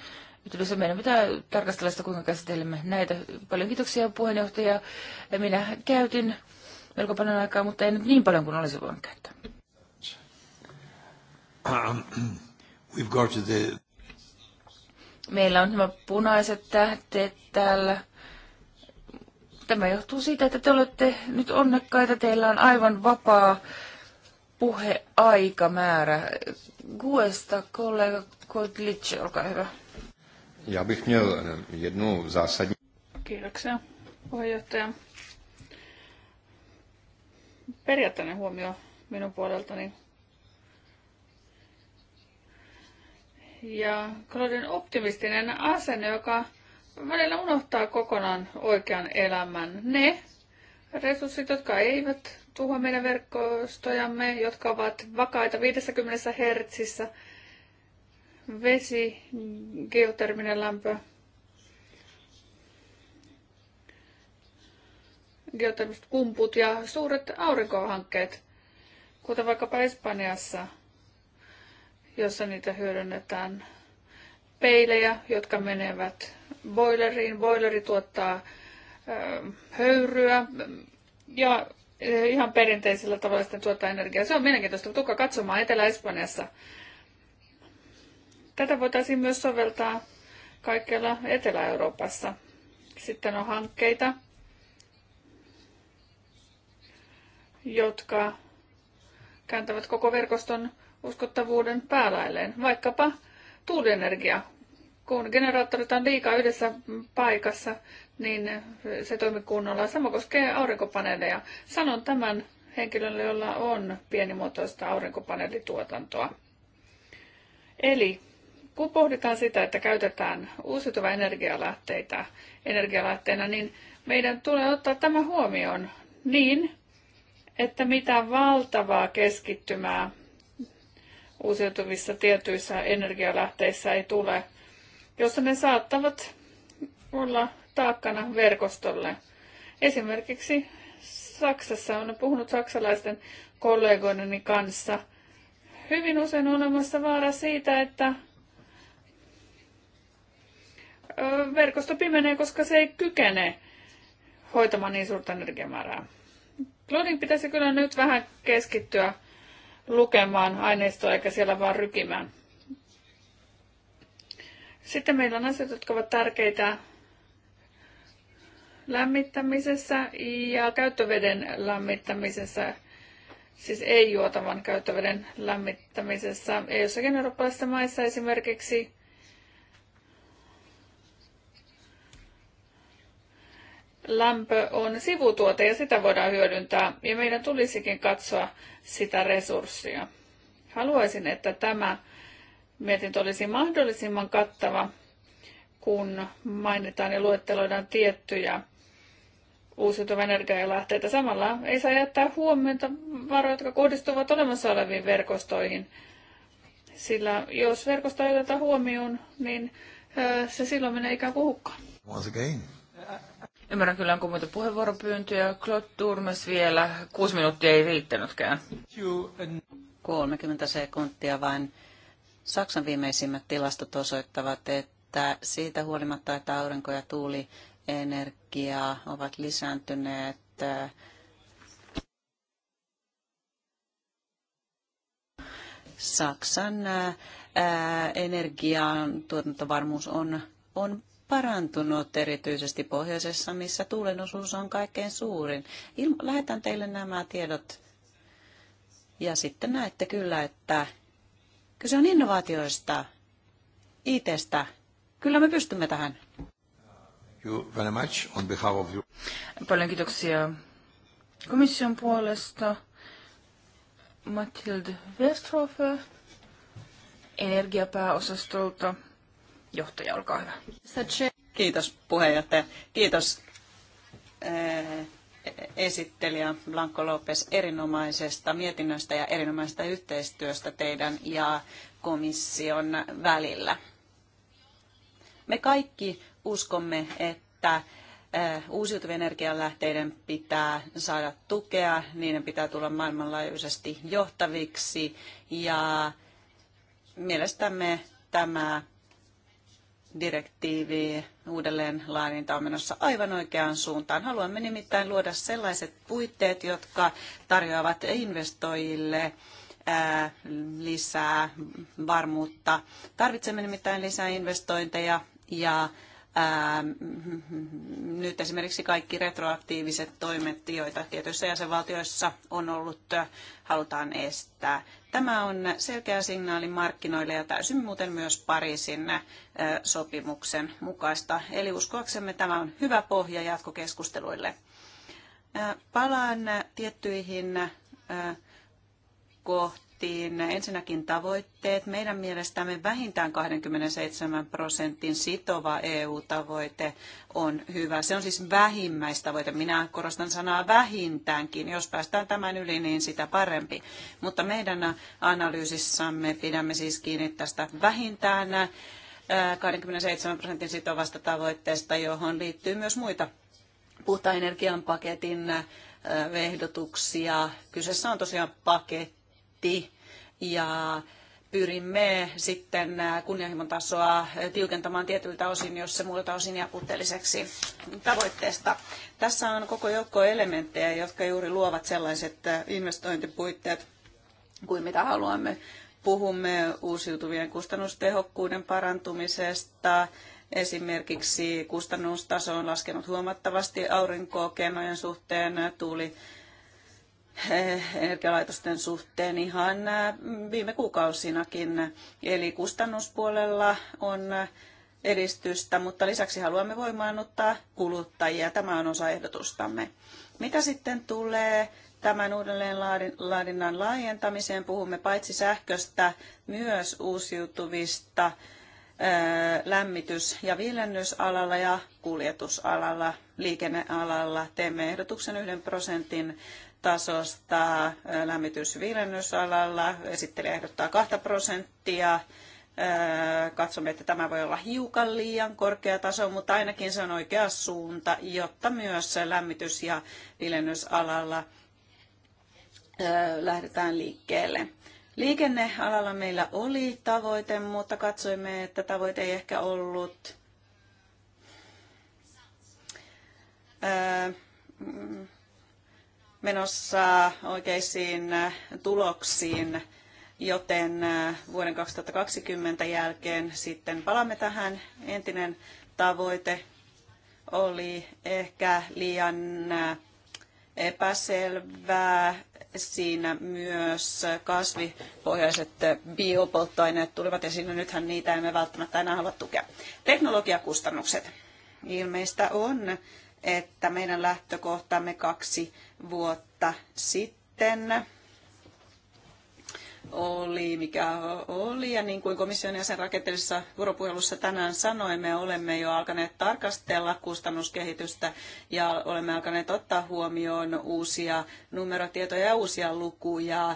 yhteydessä meidän pitää tarkastella sitä, kuinka käsittelemme näitä. Paljon kiitoksia puheenjohtaja. Minä käytin melko paljon aikaa, mutta ei nyt niin paljon kuin olisi voinut käyttää. Um, Meillä on nämä punaiset tähteet täällä. Tämä johtuu siitä, että te olette nyt onnekkaita, teillä on aivan vapaa puheaikamäärä. Guesta kollega Kotlic, olkaa hyvä. Ja bych měl eh, jednu zásadní... Kiitoksia, puheenjohtaja. Periaatteinen huomio minun puoleltani. Ja Claudin optimistinen asenne, joka välillä unohtaa kokonaan oikean elämän. Ne resurssit, jotka eivät tuhoa meidän verkostojamme, jotka ovat vakaita 50 hertsissä, vesi, geoterminen lämpö, geotermiset kumput ja suuret aurinkohankkeet, kuten vaikkapa Espanjassa, jossa niitä hyödynnetään peilejä, jotka menevät boileriin. Boileri tuottaa höyryä ja ihan perinteisellä tavalla sitten tuottaa energiaa. Se on mielenkiintoista. Tukka katsomaan Etelä-Espanjassa. Tätä voitaisiin myös soveltaa kaikkialla Etelä-Euroopassa. Sitten on hankkeita, jotka kääntävät koko verkoston uskottavuuden päälailleen. Vaikkapa tuulienergia kun generaattorit on liikaa yhdessä paikassa, niin se toimii kunnolla. Sama koskee aurinkopaneeleja. Sanon tämän henkilölle, jolla on pienimuotoista aurinkopaneelituotantoa. Eli kun pohditaan sitä, että käytetään uusiutuvia energialähteitä energialähteenä, niin meidän tulee ottaa tämä huomioon niin, että mitä valtavaa keskittymää uusiutuvissa tietyissä energialähteissä ei tule – jossa ne saattavat olla taakkana verkostolle. Esimerkiksi Saksassa olen puhunut saksalaisten kollegoideni kanssa. Hyvin usein olemassa vaara siitä, että verkosto pimenee, koska se ei kykene hoitamaan niin suurta energiamäärää. Cloudin pitäisi kyllä nyt vähän keskittyä lukemaan aineistoa eikä siellä vaan rykimään. Sitten meillä on asiat, jotka ovat tärkeitä lämmittämisessä ja käyttöveden lämmittämisessä, siis ei juotavan käyttöveden lämmittämisessä. Ei jossakin eurooppalaisissa maissa esimerkiksi lämpö on sivutuote ja sitä voidaan hyödyntää ja meidän tulisikin katsoa sitä resurssia. Haluaisin, että tämä mietintö olisi mahdollisimman kattava, kun mainitaan ja luetteloidaan tiettyjä energian lähteitä. Samalla ei saa jättää huomiota varoja, jotka kohdistuvat olemassa oleviin verkostoihin. Sillä jos verkosto ei oteta huomioon, niin se silloin menee ikään kuin hukkaan. Once again. Ymmärrän kyllä, onko muita puheenvuoropyyntöjä. Claude Turmes vielä. Kuusi minuuttia ei riittänytkään. 30 sekuntia vain. Saksan viimeisimmät tilastot osoittavat, että siitä huolimatta, että aurinko- ja tuulienergiaa ovat lisääntyneet, Saksan energian tuotantovarmuus on, on parantunut erityisesti pohjoisessa, missä tuulen osuus on kaikkein suurin. lähetän teille nämä tiedot ja sitten näette kyllä, että Kyse on innovaatioista, ITstä. Kyllä me pystymme tähän. You very much on behalf of you. Paljon kiitoksia komission puolesta. Mathilde Westrofe energiapääosastolta. Johtaja, olkaa hyvä. Kiitos puheenjohtaja. Kiitos eh, esittelijä Blanco Lopes erinomaisesta mietinnöstä ja erinomaisesta yhteistyöstä teidän ja komission välillä. Me kaikki uskomme, että uusiutuvien energialähteiden pitää saada tukea, niiden pitää tulla maailmanlaajuisesti johtaviksi ja mielestämme tämä direktiivi uudelleen laadinta on menossa aivan oikeaan suuntaan. Haluamme nimittäin luoda sellaiset puitteet, jotka tarjoavat investoijille lisää varmuutta. Tarvitsemme nimittäin lisää investointeja ja ää, ähm, nyt esimerkiksi kaikki retroaktiiviset toimet, joita tietyissä jäsenvaltioissa on ollut, äh, halutaan estää. Tämä on selkeä signaali markkinoille ja täysin muuten myös Pariisin äh, sopimuksen mukaista. Eli uskoaksemme tämä on hyvä pohja jatkokeskusteluille. Äh, palaan tiettyihin kohtiin. Ensinnäkin tavoitteet. Meidän mielestämme vähintään 27 prosentin sitova EU-tavoite on hyvä. Se on siis vähimmäistavoite. Minä korostan sanaa vähintäänkin. Jos päästään tämän yli, niin sitä parempi. Mutta meidän analyysissamme pidämme siis kiinni tästä vähintään 27 prosentin sitovasta tavoitteesta, johon liittyy myös muita puhtaan energian paketin ehdotuksia. Kyseessä on tosiaan paketti budjetti ja pyrimme sitten äh, kunnianhimon tasoa tiukentamaan tietyiltä osin, jos se muilta osin jää puutteelliseksi tavoitteesta. Tässä on koko joukko elementtejä, jotka juuri luovat sellaiset äh, investointipuitteet kuin mitä haluamme. Puhumme uusiutuvien kustannustehokkuuden parantumisesta, esimerkiksi kustannustaso on laskenut huomattavasti aurinkokennojen suhteen, tuuli energialaitosten suhteen ihan viime kuukausinakin. Eli kustannuspuolella on edistystä, mutta lisäksi haluamme voimaannuttaa kuluttajia. Tämä on osa ehdotustamme. Mitä sitten tulee tämän uudelleenlaadinnan laajentamiseen? Puhumme paitsi sähköstä myös uusiutuvista lämmitys- ja viilennysalalla ja kuljetusalalla, liikennealalla. Teemme ehdotuksen yhden prosentin tasosta lämmitysviilennysalalla. Esittelijä ehdottaa 2 prosenttia. Katsomme, että tämä voi olla hiukan liian korkea taso, mutta ainakin se on oikea suunta, jotta myös lämmitys- ja viilennysalalla lähdetään liikkeelle. Liikennealalla meillä oli tavoite, mutta katsoimme, että tavoite ei ehkä ollut menossa oikeisiin äh, tuloksiin, joten äh, vuoden 2020 jälkeen sitten palaamme tähän. Entinen tavoite oli ehkä liian äh, epäselvää. Siinä myös kasvipohjaiset biopolttoaineet tulivat esiin, nythän niitä emme välttämättä enää halua tukea. Teknologiakustannukset. Ilmeistä on, että meidän lähtökohtamme kaksi vuotta sitten oli, mikä oli. Ja niin kuin komission jäsen rakenteellisessa vuoropuhelussa tänään sanoimme, me olemme jo alkaneet tarkastella kustannuskehitystä ja olemme alkaneet ottaa huomioon uusia numerotietoja ja uusia lukuja,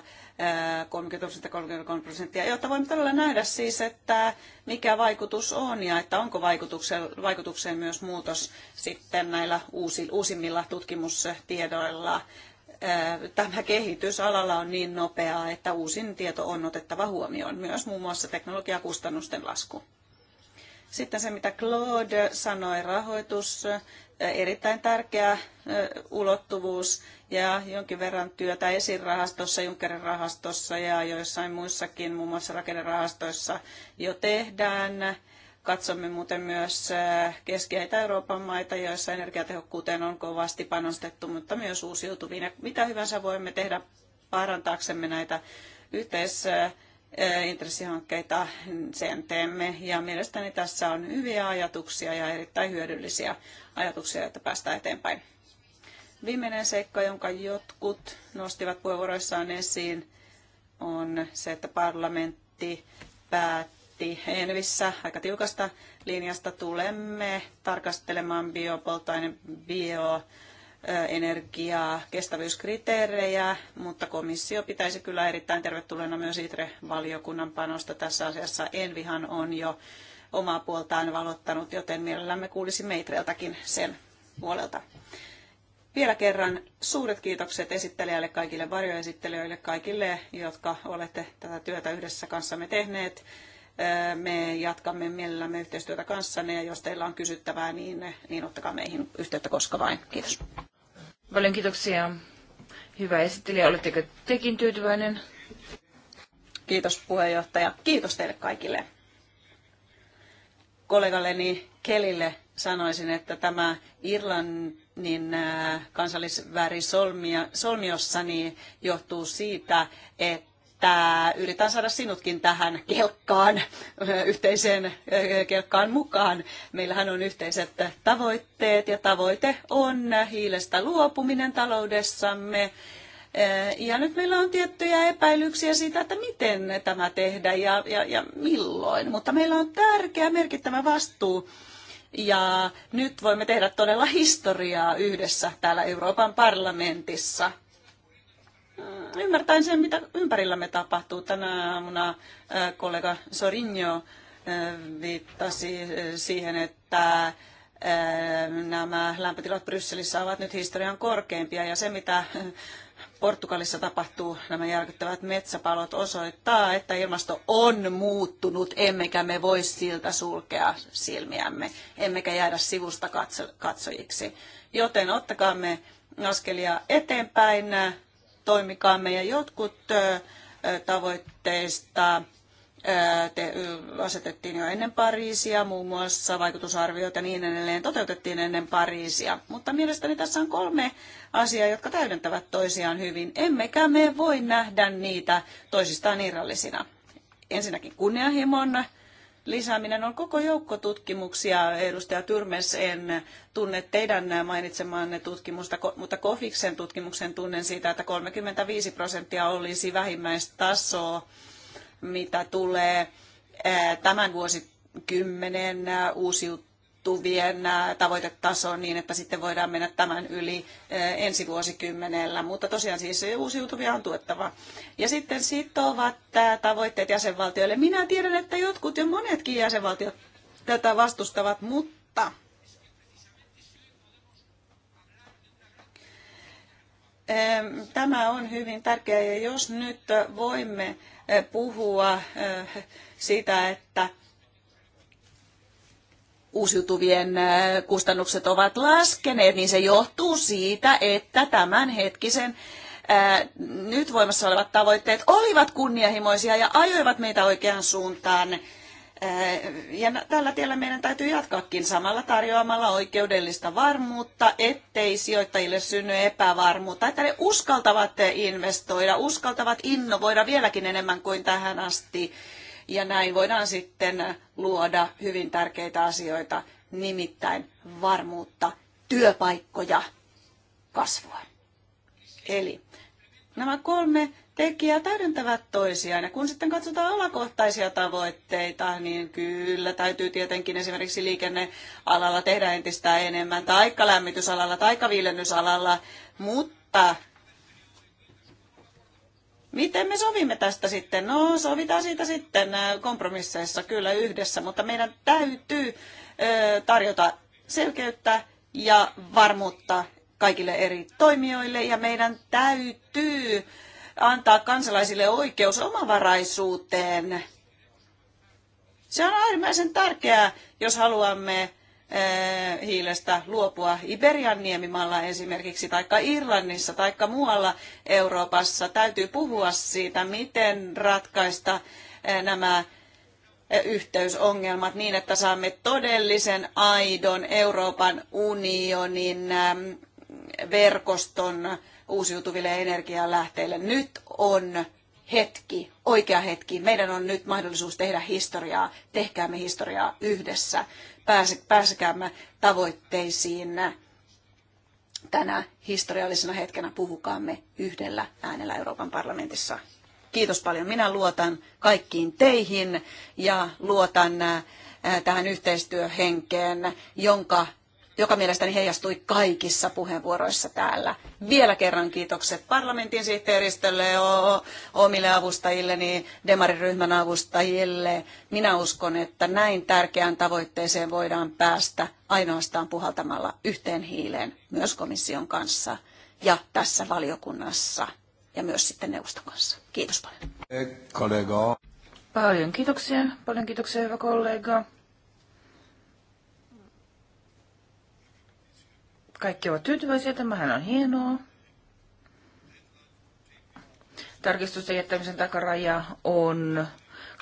30-33 prosenttia, jotta voimme todella nähdä siis, että mikä vaikutus on ja että onko vaikutukseen myös muutos sitten näillä uusimmilla tutkimustiedoilla tämä kehitys alalla on niin nopeaa, että uusin tieto on otettava huomioon myös muun muassa teknologiakustannusten lasku. Sitten se, mitä Claude sanoi, rahoitus, erittäin tärkeä ulottuvuus ja jonkin verran työtä esirahastossa, Junckerin rahastossa ja joissain muissakin, muun muassa rakennerahastoissa jo tehdään Katsomme muuten myös äh, Keski- ja Itä-Euroopan maita, joissa energiatehokkuuteen on kovasti panostettu, mutta myös uusiutuviin. Ja mitä hyvänsä voimme tehdä parantaaksemme näitä yhteisintressihankkeita äh, sen teemme ja mielestäni tässä on hyviä ajatuksia ja erittäin hyödyllisiä ajatuksia, että päästään eteenpäin. Viimeinen seikka, jonka jotkut nostivat puheenvuoroissaan esiin, on se, että parlamentti päättää päätti Envissä aika tiukasta linjasta. Tulemme tarkastelemaan biopoltainen bio energiaa, kestävyyskriteerejä, mutta komissio pitäisi kyllä erittäin tervetulleena myös ITRE-valiokunnan panosta tässä asiassa. Envihan on jo omaa puoltaan valottanut, joten mielellämme kuulisimme ITREltäkin sen puolelta. Vielä kerran suuret kiitokset esittelijälle, kaikille varjoesittelijöille, kaikille, jotka olette tätä työtä yhdessä kanssamme tehneet. Me jatkamme mielellämme yhteistyötä kanssanne ja jos teillä on kysyttävää, niin, niin ottakaa meihin yhteyttä koska vain. Kiitos. Paljon kiitoksia. Hyvä esittelijä. Oletteko tekin tyytyväinen? Kiitos puheenjohtaja. Kiitos teille kaikille. Kollegalleni Kelille sanoisin, että tämä Irlannin äh, kansallisväri solmiossa niin johtuu siitä, että että yritän saada sinutkin tähän kelkkaan, yhteiseen eh, kelkkaan mukaan. Meillähän on yhteiset tavoitteet ja tavoite on hiilestä luopuminen taloudessamme. Eh, ja nyt meillä on tiettyjä epäilyksiä siitä, että miten tämä tehdä ja, ja, ja milloin. Mutta meillä on tärkeä merkittävä vastuu ja nyt voimme tehdä todella historiaa yhdessä täällä Euroopan parlamentissa ymmärtäen sen, mitä ympärillämme tapahtuu. Tänä aamuna kollega Sorinjo viittasi siihen, että nämä lämpötilat Brysselissä ovat nyt historian korkeimpia ja se, mitä Portugalissa tapahtuu nämä järkyttävät metsäpalot osoittaa, että ilmasto on muuttunut, emmekä me voi siltä sulkea silmiämme, emmekä jäädä sivusta katsojiksi. Joten ottakaamme askelia eteenpäin toimikaamme ja jotkut tavoitteista te, asetettiin jo ennen Pariisia, muun muassa vaikutusarviot ja niin edelleen toteutettiin ennen Pariisia. Mutta mielestäni tässä on kolme asiaa, jotka täydentävät toisiaan hyvin. Emmekä me voi nähdä niitä toisistaan irrallisina. Ensinnäkin kunnianhimon lisääminen on koko joukko tutkimuksia. Edustaja Tyrmes, en tunne teidän mainitsemaanne tutkimusta, mutta Kofiksen tutkimuksen tunnen siitä, että 35 prosenttia olisi vähimmäistasoa, mitä tulee tämän vuosikymmenen uusiut ylittuvien tavoitetaso niin, että sitten voidaan mennä tämän yli ensi vuosikymmenellä. Mutta tosiaan siis uusiutuvia on tuettava. Ja sitten sitovat tavoitteet jäsenvaltioille. Minä tiedän, että jotkut ja monetkin jäsenvaltiot tätä vastustavat, mutta Tämä on hyvin tärkeää ja jos nyt voimme puhua siitä, että uusiutuvien kustannukset ovat laskeneet, niin se johtuu siitä, että tämänhetkisen nyt voimassa olevat tavoitteet olivat kunnianhimoisia ja ajoivat meitä oikeaan suuntaan. Ja tällä tiellä meidän täytyy jatkaakin samalla tarjoamalla oikeudellista varmuutta, ettei sijoittajille synny epävarmuutta, että ne uskaltavat investoida, uskaltavat innovoida vieläkin enemmän kuin tähän asti. Ja näin voidaan sitten luoda hyvin tärkeitä asioita, nimittäin varmuutta, työpaikkoja, kasvua. Eli nämä kolme tekijää täydentävät toisiaan. Ja kun sitten katsotaan alakohtaisia tavoitteita, niin kyllä täytyy tietenkin esimerkiksi liikennealalla tehdä entistä enemmän, tai lämmitysalalla, tai viilennysalalla, mutta Miten me sovimme tästä sitten? No, sovitaan siitä sitten äh, kompromisseissa kyllä yhdessä, mutta meidän täytyy tarjota selkeyttä ja varmuutta kaikille eri toimijoille ja meidän täytyy antaa kansalaisille oikeus omavaraisuuteen. Se on äärimmäisen tärkeää, jos haluamme Eh, hiilestä luopua Iberian niemimaalla esimerkiksi, taikka Irlannissa, taikka muualla Euroopassa. Täytyy puhua siitä, miten ratkaista eh, nämä eh, yhteysongelmat niin, että saamme todellisen aidon Euroopan unionin verkoston uusiutuville energialähteille. Nyt on hetki, oikea hetki. Meidän on nyt mahdollisuus tehdä historiaa. Tehkäämme historiaa yhdessä pääsekäämme tavoitteisiin tänä historiallisena hetkenä puhukaamme yhdellä äänellä Euroopan parlamentissa. Kiitos paljon. Minä luotan kaikkiin teihin ja luotan tähän yhteistyöhenkeen, jonka joka mielestäni heijastui kaikissa puheenvuoroissa täällä. Vielä kerran kiitokset parlamentin sihteeristölle, omille avustajilleni, demariryhmän avustajille. Minä uskon, että näin tärkeään tavoitteeseen voidaan päästä ainoastaan puhaltamalla yhteen hiileen myös komission kanssa ja tässä valiokunnassa ja myös sitten neuvoston kanssa. Kiitos paljon. Kollega. Paljon kiitoksia. Paljon kiitoksia, hyvä kollega. Kaikki ovat tyytyväisiä, tämähän on hienoa. Tarkistusten jättämisen takaraja on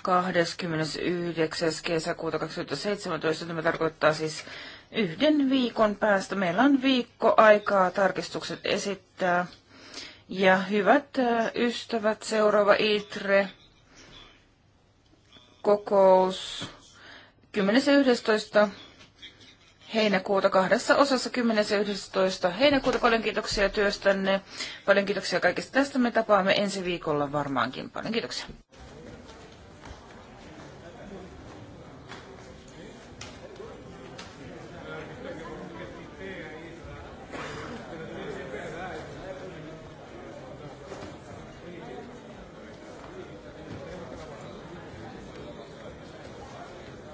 29. kesäkuuta 2017. Tämä tarkoittaa siis yhden viikon päästä. Meillä on viikko aikaa tarkistukset esittää. Ja hyvät äh, ystävät, seuraava ITRE kokous 10.11 heinäkuuta kahdessa osassa 10. ja 11. heinäkuuta. Paljon kiitoksia työstänne. Paljon kiitoksia kaikista tästä. Me tapaamme ensi viikolla varmaankin. Paljon kiitoksia.